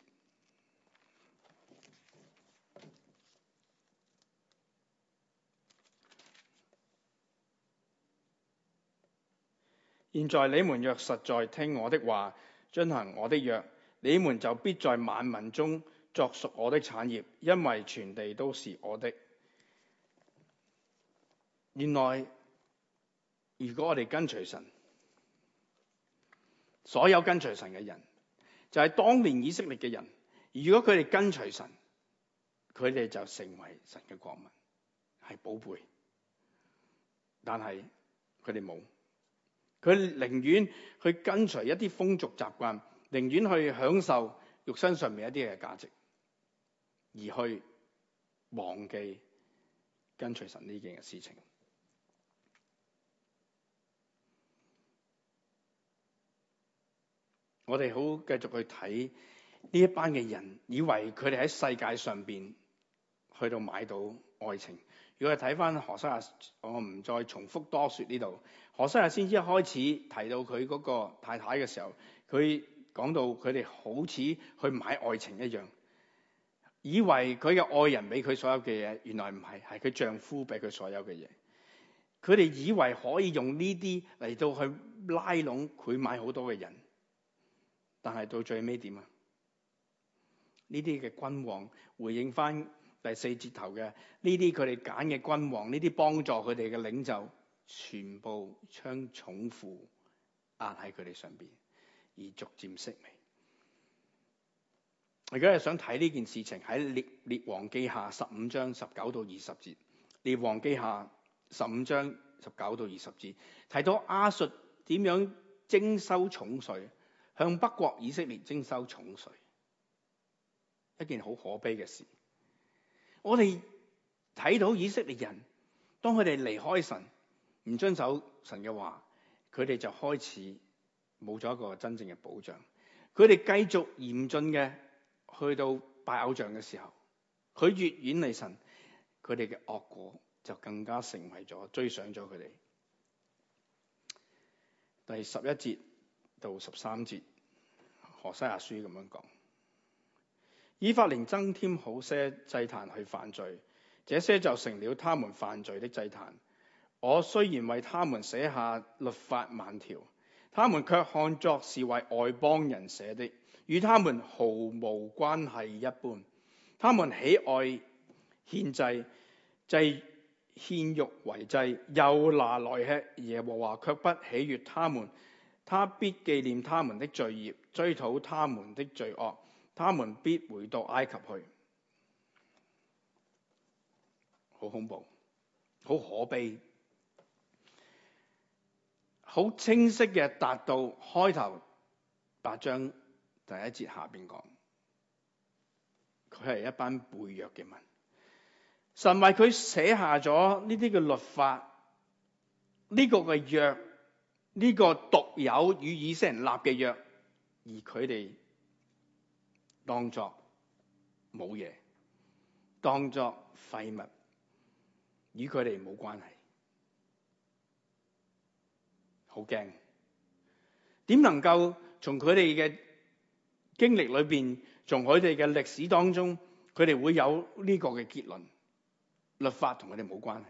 [SPEAKER 1] 現在你們若實在聽我的話，遵行我的約，你們就必在萬民中作屬我的產業，因為全地都是我的。原來如果我哋跟隨神，所有跟隨神嘅人，就係當年以色列嘅人。如果佢哋跟隨神，佢哋就成為神嘅國民，係寶貝。但係他佢哋冇。佢寧願去跟隨一啲風俗習慣，寧願去享受肉身上面一啲嘅價值，而去忘記跟隨神呢件嘅事情。我哋好繼續去睇呢一班嘅人，以為佢哋喺世界上邊去到買到愛情。如果睇翻何生啊，我唔再重複多説呢度。何西亞先知，一開始提到佢嗰個太太嘅時候，佢講到佢哋好似去買愛情一樣，以為佢嘅愛人俾佢所有嘅嘢，原來唔係，係佢丈夫俾佢所有嘅嘢。佢哋以為可以用呢啲嚟到去拉攏佢買好多嘅人，但係到最尾點啊？呢啲嘅君王回應返第四節頭嘅呢啲佢哋揀嘅君王，呢啲幫助佢哋嘅領袖。全部將重負壓喺佢哋上邊，而逐漸熄微。我而家係想睇呢件事情喺《列列王記下》十五章十九到二十節，《列王記下》十五章十九到二十節提到亞述點樣徵收重稅，向北國以色列徵收重稅，一件好可悲嘅事。我哋睇到以色列人當佢哋離開神，唔遵守神嘅話，佢哋就開始冇咗一個真正嘅保障。佢哋繼續嚴峻嘅去到拜偶像嘅時候，佢越遠離神，佢哋嘅惡果就更加成為咗追上咗佢哋。第十一節到十三節，何西阿書咁樣講，以法蓮增添好些祭壇去犯罪，這些就成了他們犯罪的祭壇。我雖然為他們寫下律法萬條，他們卻看作是為外邦人寫的，與他們毫無關係一般。他們喜愛獻祭，祭獻肉為祭，又拿來吃。耶和華卻不喜悅他們，他必紀念他們的罪孽，追討他們的罪惡。他們必回到埃及去。好恐怖，好可悲。好清晰嘅，達到開頭八章第一節下邊講，佢係一班背約嘅民，神為佢寫下咗呢啲嘅律法，呢個嘅約呢個獨有與以色列人立嘅約，而佢哋當作冇嘢，當作廢物，與佢哋冇關係。好勁！點能夠從佢哋嘅經歷裏邊，從佢哋嘅歷史當中，佢哋會有呢個嘅結論？律法同佢哋冇關係。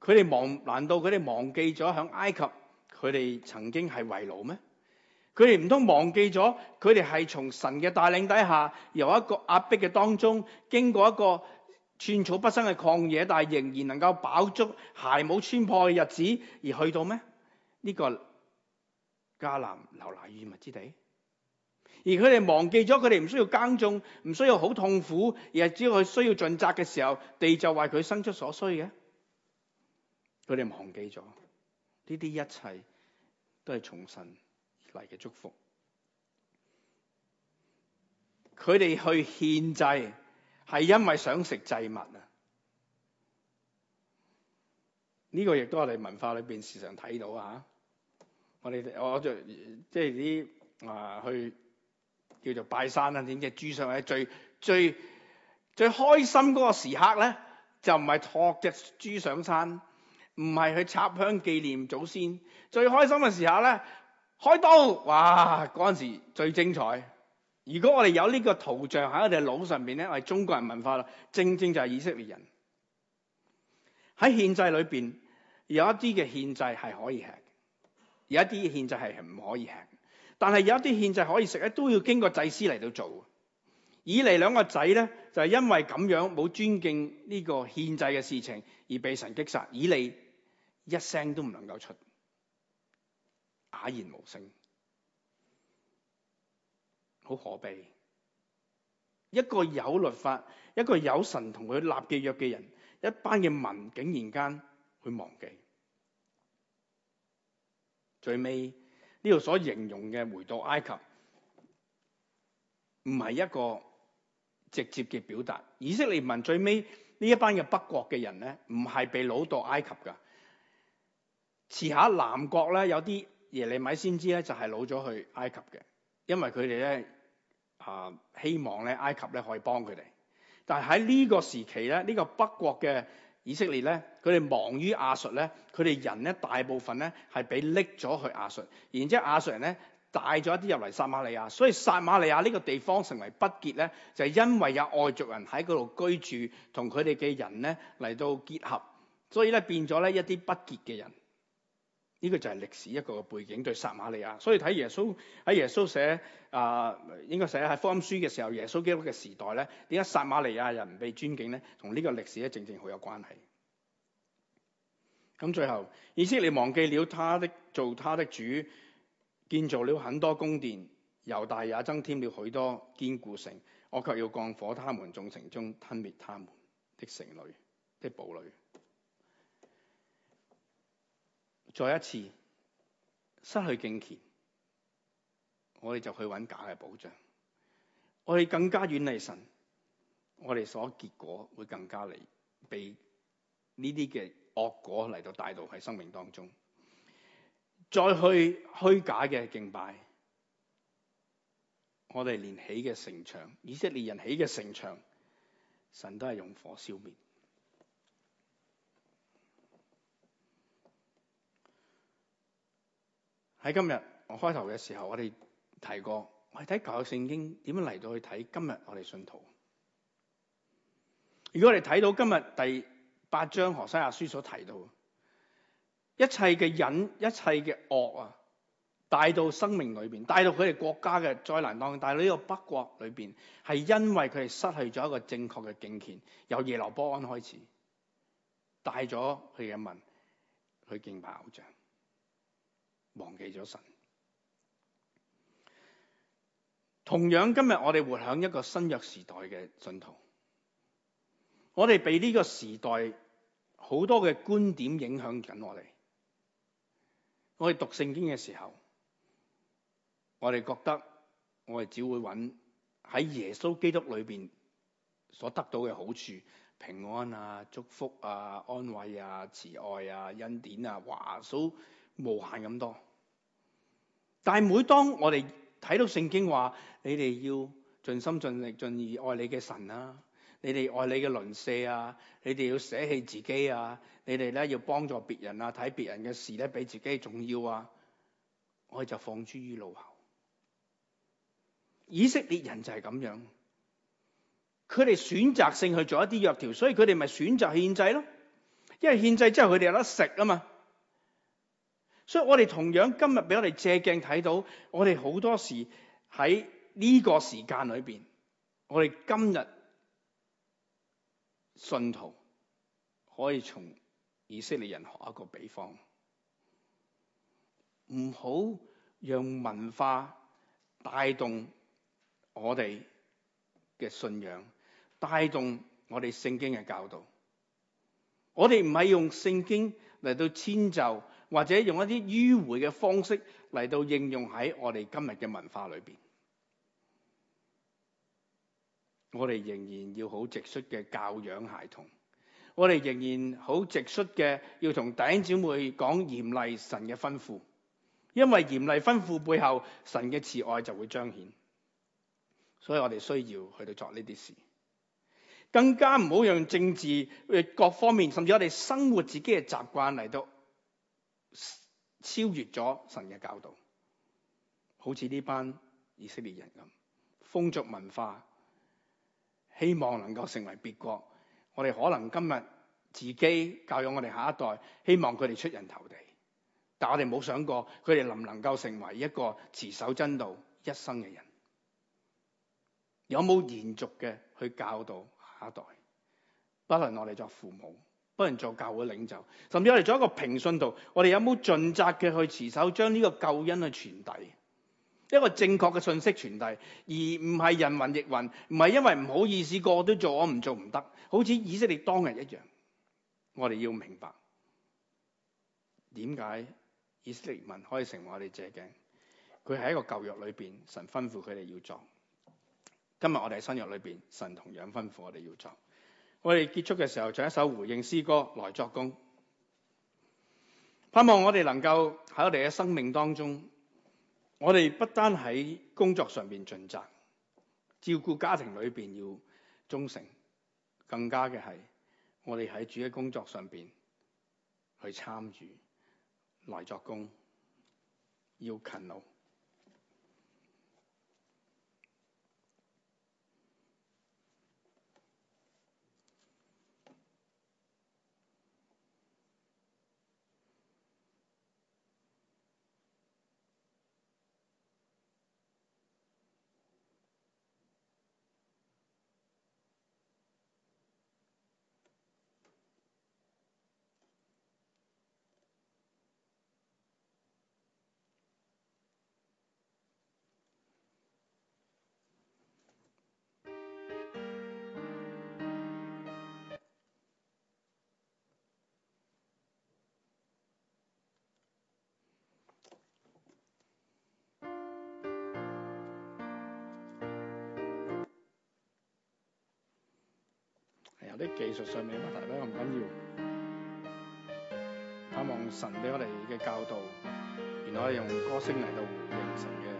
[SPEAKER 1] 佢哋忘難道佢哋忘記咗響埃及佢哋曾經係為奴咩？佢哋唔通忘記咗佢哋係從神嘅帶領底下，由一個壓迫嘅當中，經過一個寸草不生嘅曠野，但係仍然能夠飽足，鞋冇穿破嘅日子而去到咩？呢、這個迦南流奶與蜜之地，而佢哋忘記咗，佢哋唔需要耕種，唔需要好痛苦，而係只要佢需要盡責嘅時候，地就為佢生出所需嘅。佢哋忘記咗呢啲一切，都係從神而嚟嘅祝福。佢哋去獻祭，係因為想食祭物啊！呢、這個亦都係我哋文化裏面時常睇到啊！我哋我就即係啲啊去叫做拜山啊，點嘅？豬上係最最最開心嗰個時刻咧，就唔係托隻豬上山，唔係去插香紀念祖先。最開心嘅時候咧，開刀哇！嗰陣時最精彩。如果我哋有呢個圖像喺我哋腦上邊咧，係中國人文化咯，正正就係以色列人喺獻祭裏面。有一啲嘅獻祭係可以吃的，有一啲獻祭係唔可以吃。但係有一啲獻祭可以食咧，都要經過祭司嚟到做。以嚟兩個仔咧，就係、是、因為咁樣冇尊敬呢個獻祭嘅事情，而被神擊殺。以嚟一聲都唔能夠出，啞然無聲，好可悲。一個有律法、一個有神同佢立嘅約嘅人，一班嘅民竟然間去忘記。最尾呢度所形容嘅回到埃及，唔係一個直接嘅表達。以色列民最尾呢一班嘅北國嘅人咧，唔係被攞到埃及㗎。遲下南國咧有啲耶利米先知咧就係攞咗去埃及嘅，因為佢哋咧啊希望咧埃及咧可以幫佢哋。但係喺呢個時期咧，呢、呢個北國嘅以色列咧，佢哋忙於亞述咧，佢哋人咧大部分咧係俾拎咗去亞述，然之後亞述人咧帶咗一啲入嚟撒瑪利亞，所以撒瑪利亞呢個地方成為不潔咧，就係、是、因為有外族人喺嗰度居住，同佢哋嘅人咧嚟到結合，所以咧變咗咧一啲不潔嘅人。呢、這個就係歷史一個背景對撒瑪利亞，所以睇耶穌喺耶穌寫啊應該寫喺福音書嘅時候，耶穌基督嘅時代咧，點解撒瑪利亞人唔被尊敬咧？同呢個歷史咧正正好有關係。咁最後，以色列忘記了他的做他的主，建造了很多宮殿，猶大也增添了許多堅固城。我卻要降火，他們眾城中吞滅他們的城壘的堡壘。再一次失去敬虔，我哋就去揾假嘅保障，我哋更加遠離神，我哋所結果會更加嚟被呢啲嘅惡果嚟到帶到喺生命當中，再去虛假嘅敬拜，我哋連起嘅城牆，以色列人起嘅城牆，神都係用火燒滅。喺今日我開頭嘅時候，我哋提過，我哋睇舊約聖經點樣嚟到去睇今日我哋信徒。如果我哋睇到今日第八章何西亞書所提到，一切嘅忍，一切嘅惡啊，帶到生命裏邊，帶到佢哋國家嘅災難當中，帶到呢個北國裏邊，係因為佢哋失去咗一個正確嘅敬虔，由耶羅波安開始帶咗佢嘅民去敬拜偶像。忘記咗神。同樣今日我哋活喺一個新約時代嘅信徒，我哋被呢個時代好多嘅觀點影響緊我哋。我哋讀聖經嘅時候，我哋覺得我哋只會揾喺耶穌基督裏邊所得到嘅好處、平安啊、祝福啊、安慰啊、慈愛啊、恩典啊，哇，數、無限咁多。但係每當我哋睇到聖經話，你哋要盡心盡力盡意愛你嘅神啦，你哋愛你嘅鄰舍啊，你哋要捨棄自己啊，你哋咧要幫助別人啊，睇別人嘅事咧比自己重要啊，我哋就放諸於腦後。以色列人就係咁樣，佢哋選擇性去做一啲約條，所以佢哋咪選擇獻祭咯，因為獻祭之後佢哋有得食啊嘛。所以我哋同樣今日俾我哋借鏡睇到，我哋好多時喺呢個時間裏邊，我哋今日信徒可以從以色列人學一個比方，唔好讓文化帶動我哋嘅信仰，帶動我哋聖經嘅教導。我哋唔係用聖經嚟到遷就。或者用一啲迂回嘅方式嚟到應用喺我哋今日嘅文化裏邊，我哋仍然要好直率嘅教養孩童，我哋仍然好直率嘅要同弟兄姊妹講嚴厲神嘅吩咐，因為嚴厲吩咐背後神嘅慈愛就會彰顯，所以我哋需要去到作呢啲事，更加唔好讓政治各方面，甚至我哋生活自己嘅習慣嚟到。超越咗神嘅教導，好似呢班以色列人咁，風俗文化，希望能夠成為別國。我哋可能今日自己教育我哋下一代，希望佢哋出人頭地，但我哋冇想過佢哋能唔能夠成為一個持守真道一生嘅人，有冇延續嘅去教導下一代？不論我哋作父母。好多人做教會領袖，甚至我哋做一個平信徒。我哋有冇盡責嘅去持守將呢個救恩去傳遞，一個正確嘅信息傳遞，而唔係人雲亦雲，唔係因為唔好意思個個都做，我唔做唔得，好似以色列當日一樣。我哋要明白點解以色列民可以成為我哋借鏡，佢喺一個舊約裏面，神吩咐佢哋要做。今日我哋喺新約裏面，神同樣吩咐我哋要做。我哋結束嘅時候，唱一首回應詩歌來作工。盼望我哋能夠喺我哋嘅生命當中，我哋不單喺工作上邊盡責，照顧家庭裏邊要忠誠，更加嘅係我哋喺主嘅工作上邊去參與，來作工，要勤勞。有啲技術上面問題都唔緊要，盼望神給我哋嘅教導，原來係用歌聲嚟到回應神嘅。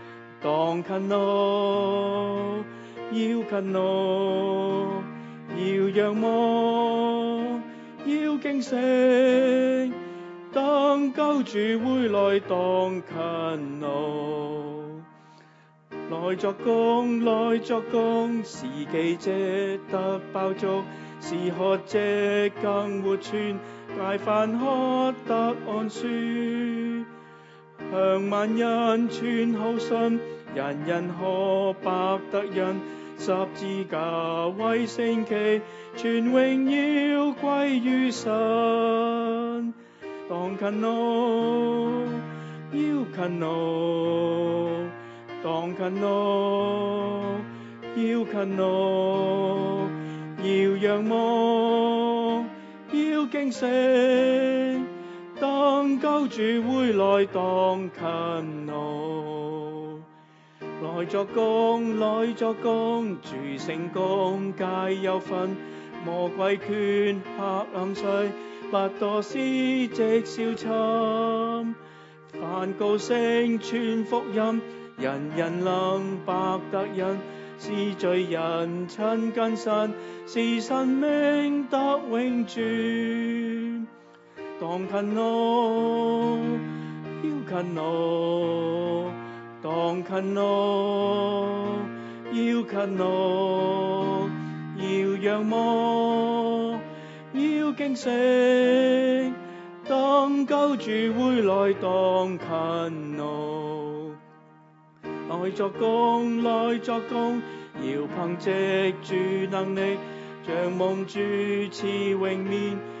[SPEAKER 2] 當勤勞，要勤勞，要仰望，要驚醒。當救主回來，當勤勞，來作工，來作工，是飢者得飽足，是渴者更活存，戒飯喝得安舒。向萬人傳好信，人人可白得人。十字架威聖旗全榮耀歸於神。當勤勞，要勤勞，當勤勞，要勤勞，要仰望，要儆醒。救主回來當勤勞，來作工，來作工，住成功，皆有份。魔鬼勸黑暗睡，不多施即消沉。凡高聲傳福音，人人能白得恩。是罪人親近神，是神命得永住。當勤勞，要勤勞，當勤勞，要勤勞。要仰望，要警醒，當救主回來當勤勞。外作工，內作工，要憑藉住能力，像夢住似榮面。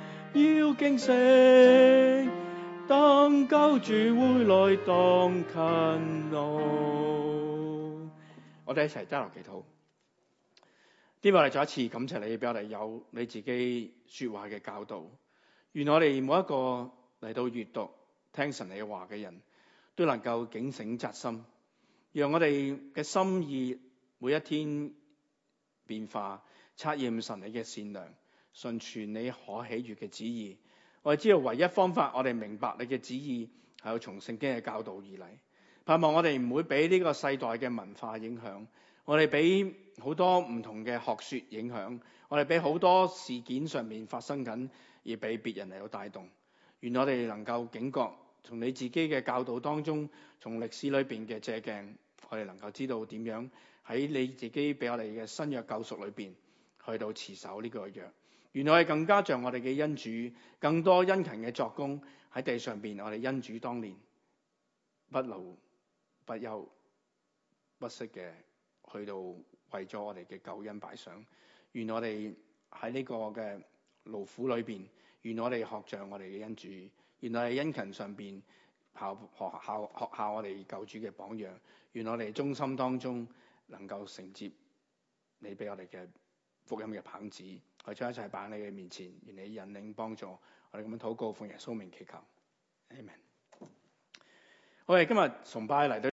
[SPEAKER 2] 要警醒，當救主回來當勤勞。我哋一齊打落
[SPEAKER 1] 祈禱。呢個嚟，再一次，感謝你俾我哋有你自己說話嘅教導。願我哋每一個嚟到閱讀聽神你話嘅人都能夠警醒扎心，讓我哋嘅心意每一天變化，察驗神你嘅善良。順全你可喜悅嘅旨意，我哋知道唯一方法，我哋明白你嘅旨意係要從聖經嘅教導而嚟。盼望我哋唔會俾呢個世代嘅文化影響，我哋俾好多唔同嘅學說影響，我哋俾好多事件上面發生緊而俾別人嚟到帶動。願我哋能夠警覺從你自己嘅教導當中，從歷史裏邊嘅借鏡，我哋能夠知道點樣喺你自己俾我哋嘅新約救贖裏邊去到持守呢個約。原來係更加像我哋嘅恩主，更多殷勤嘅作工喺地上邊。我哋恩主當年不勞不休不息嘅，去到為咗我哋嘅救恩擺上。願我哋喺呢個嘅勞苦裏邊，願我哋學像我哋嘅恩主。原來喺殷勤上邊，效學校學校我哋救主嘅榜樣。願我哋中心當中能夠承接你俾我哋嘅福音嘅棒子。我將一切擺喺你嘅面前，願你引領幫助我哋咁樣禱告，奉耶穌名祈求，
[SPEAKER 2] 阿門。
[SPEAKER 1] Okay, 我哋今日崇拜嚟到。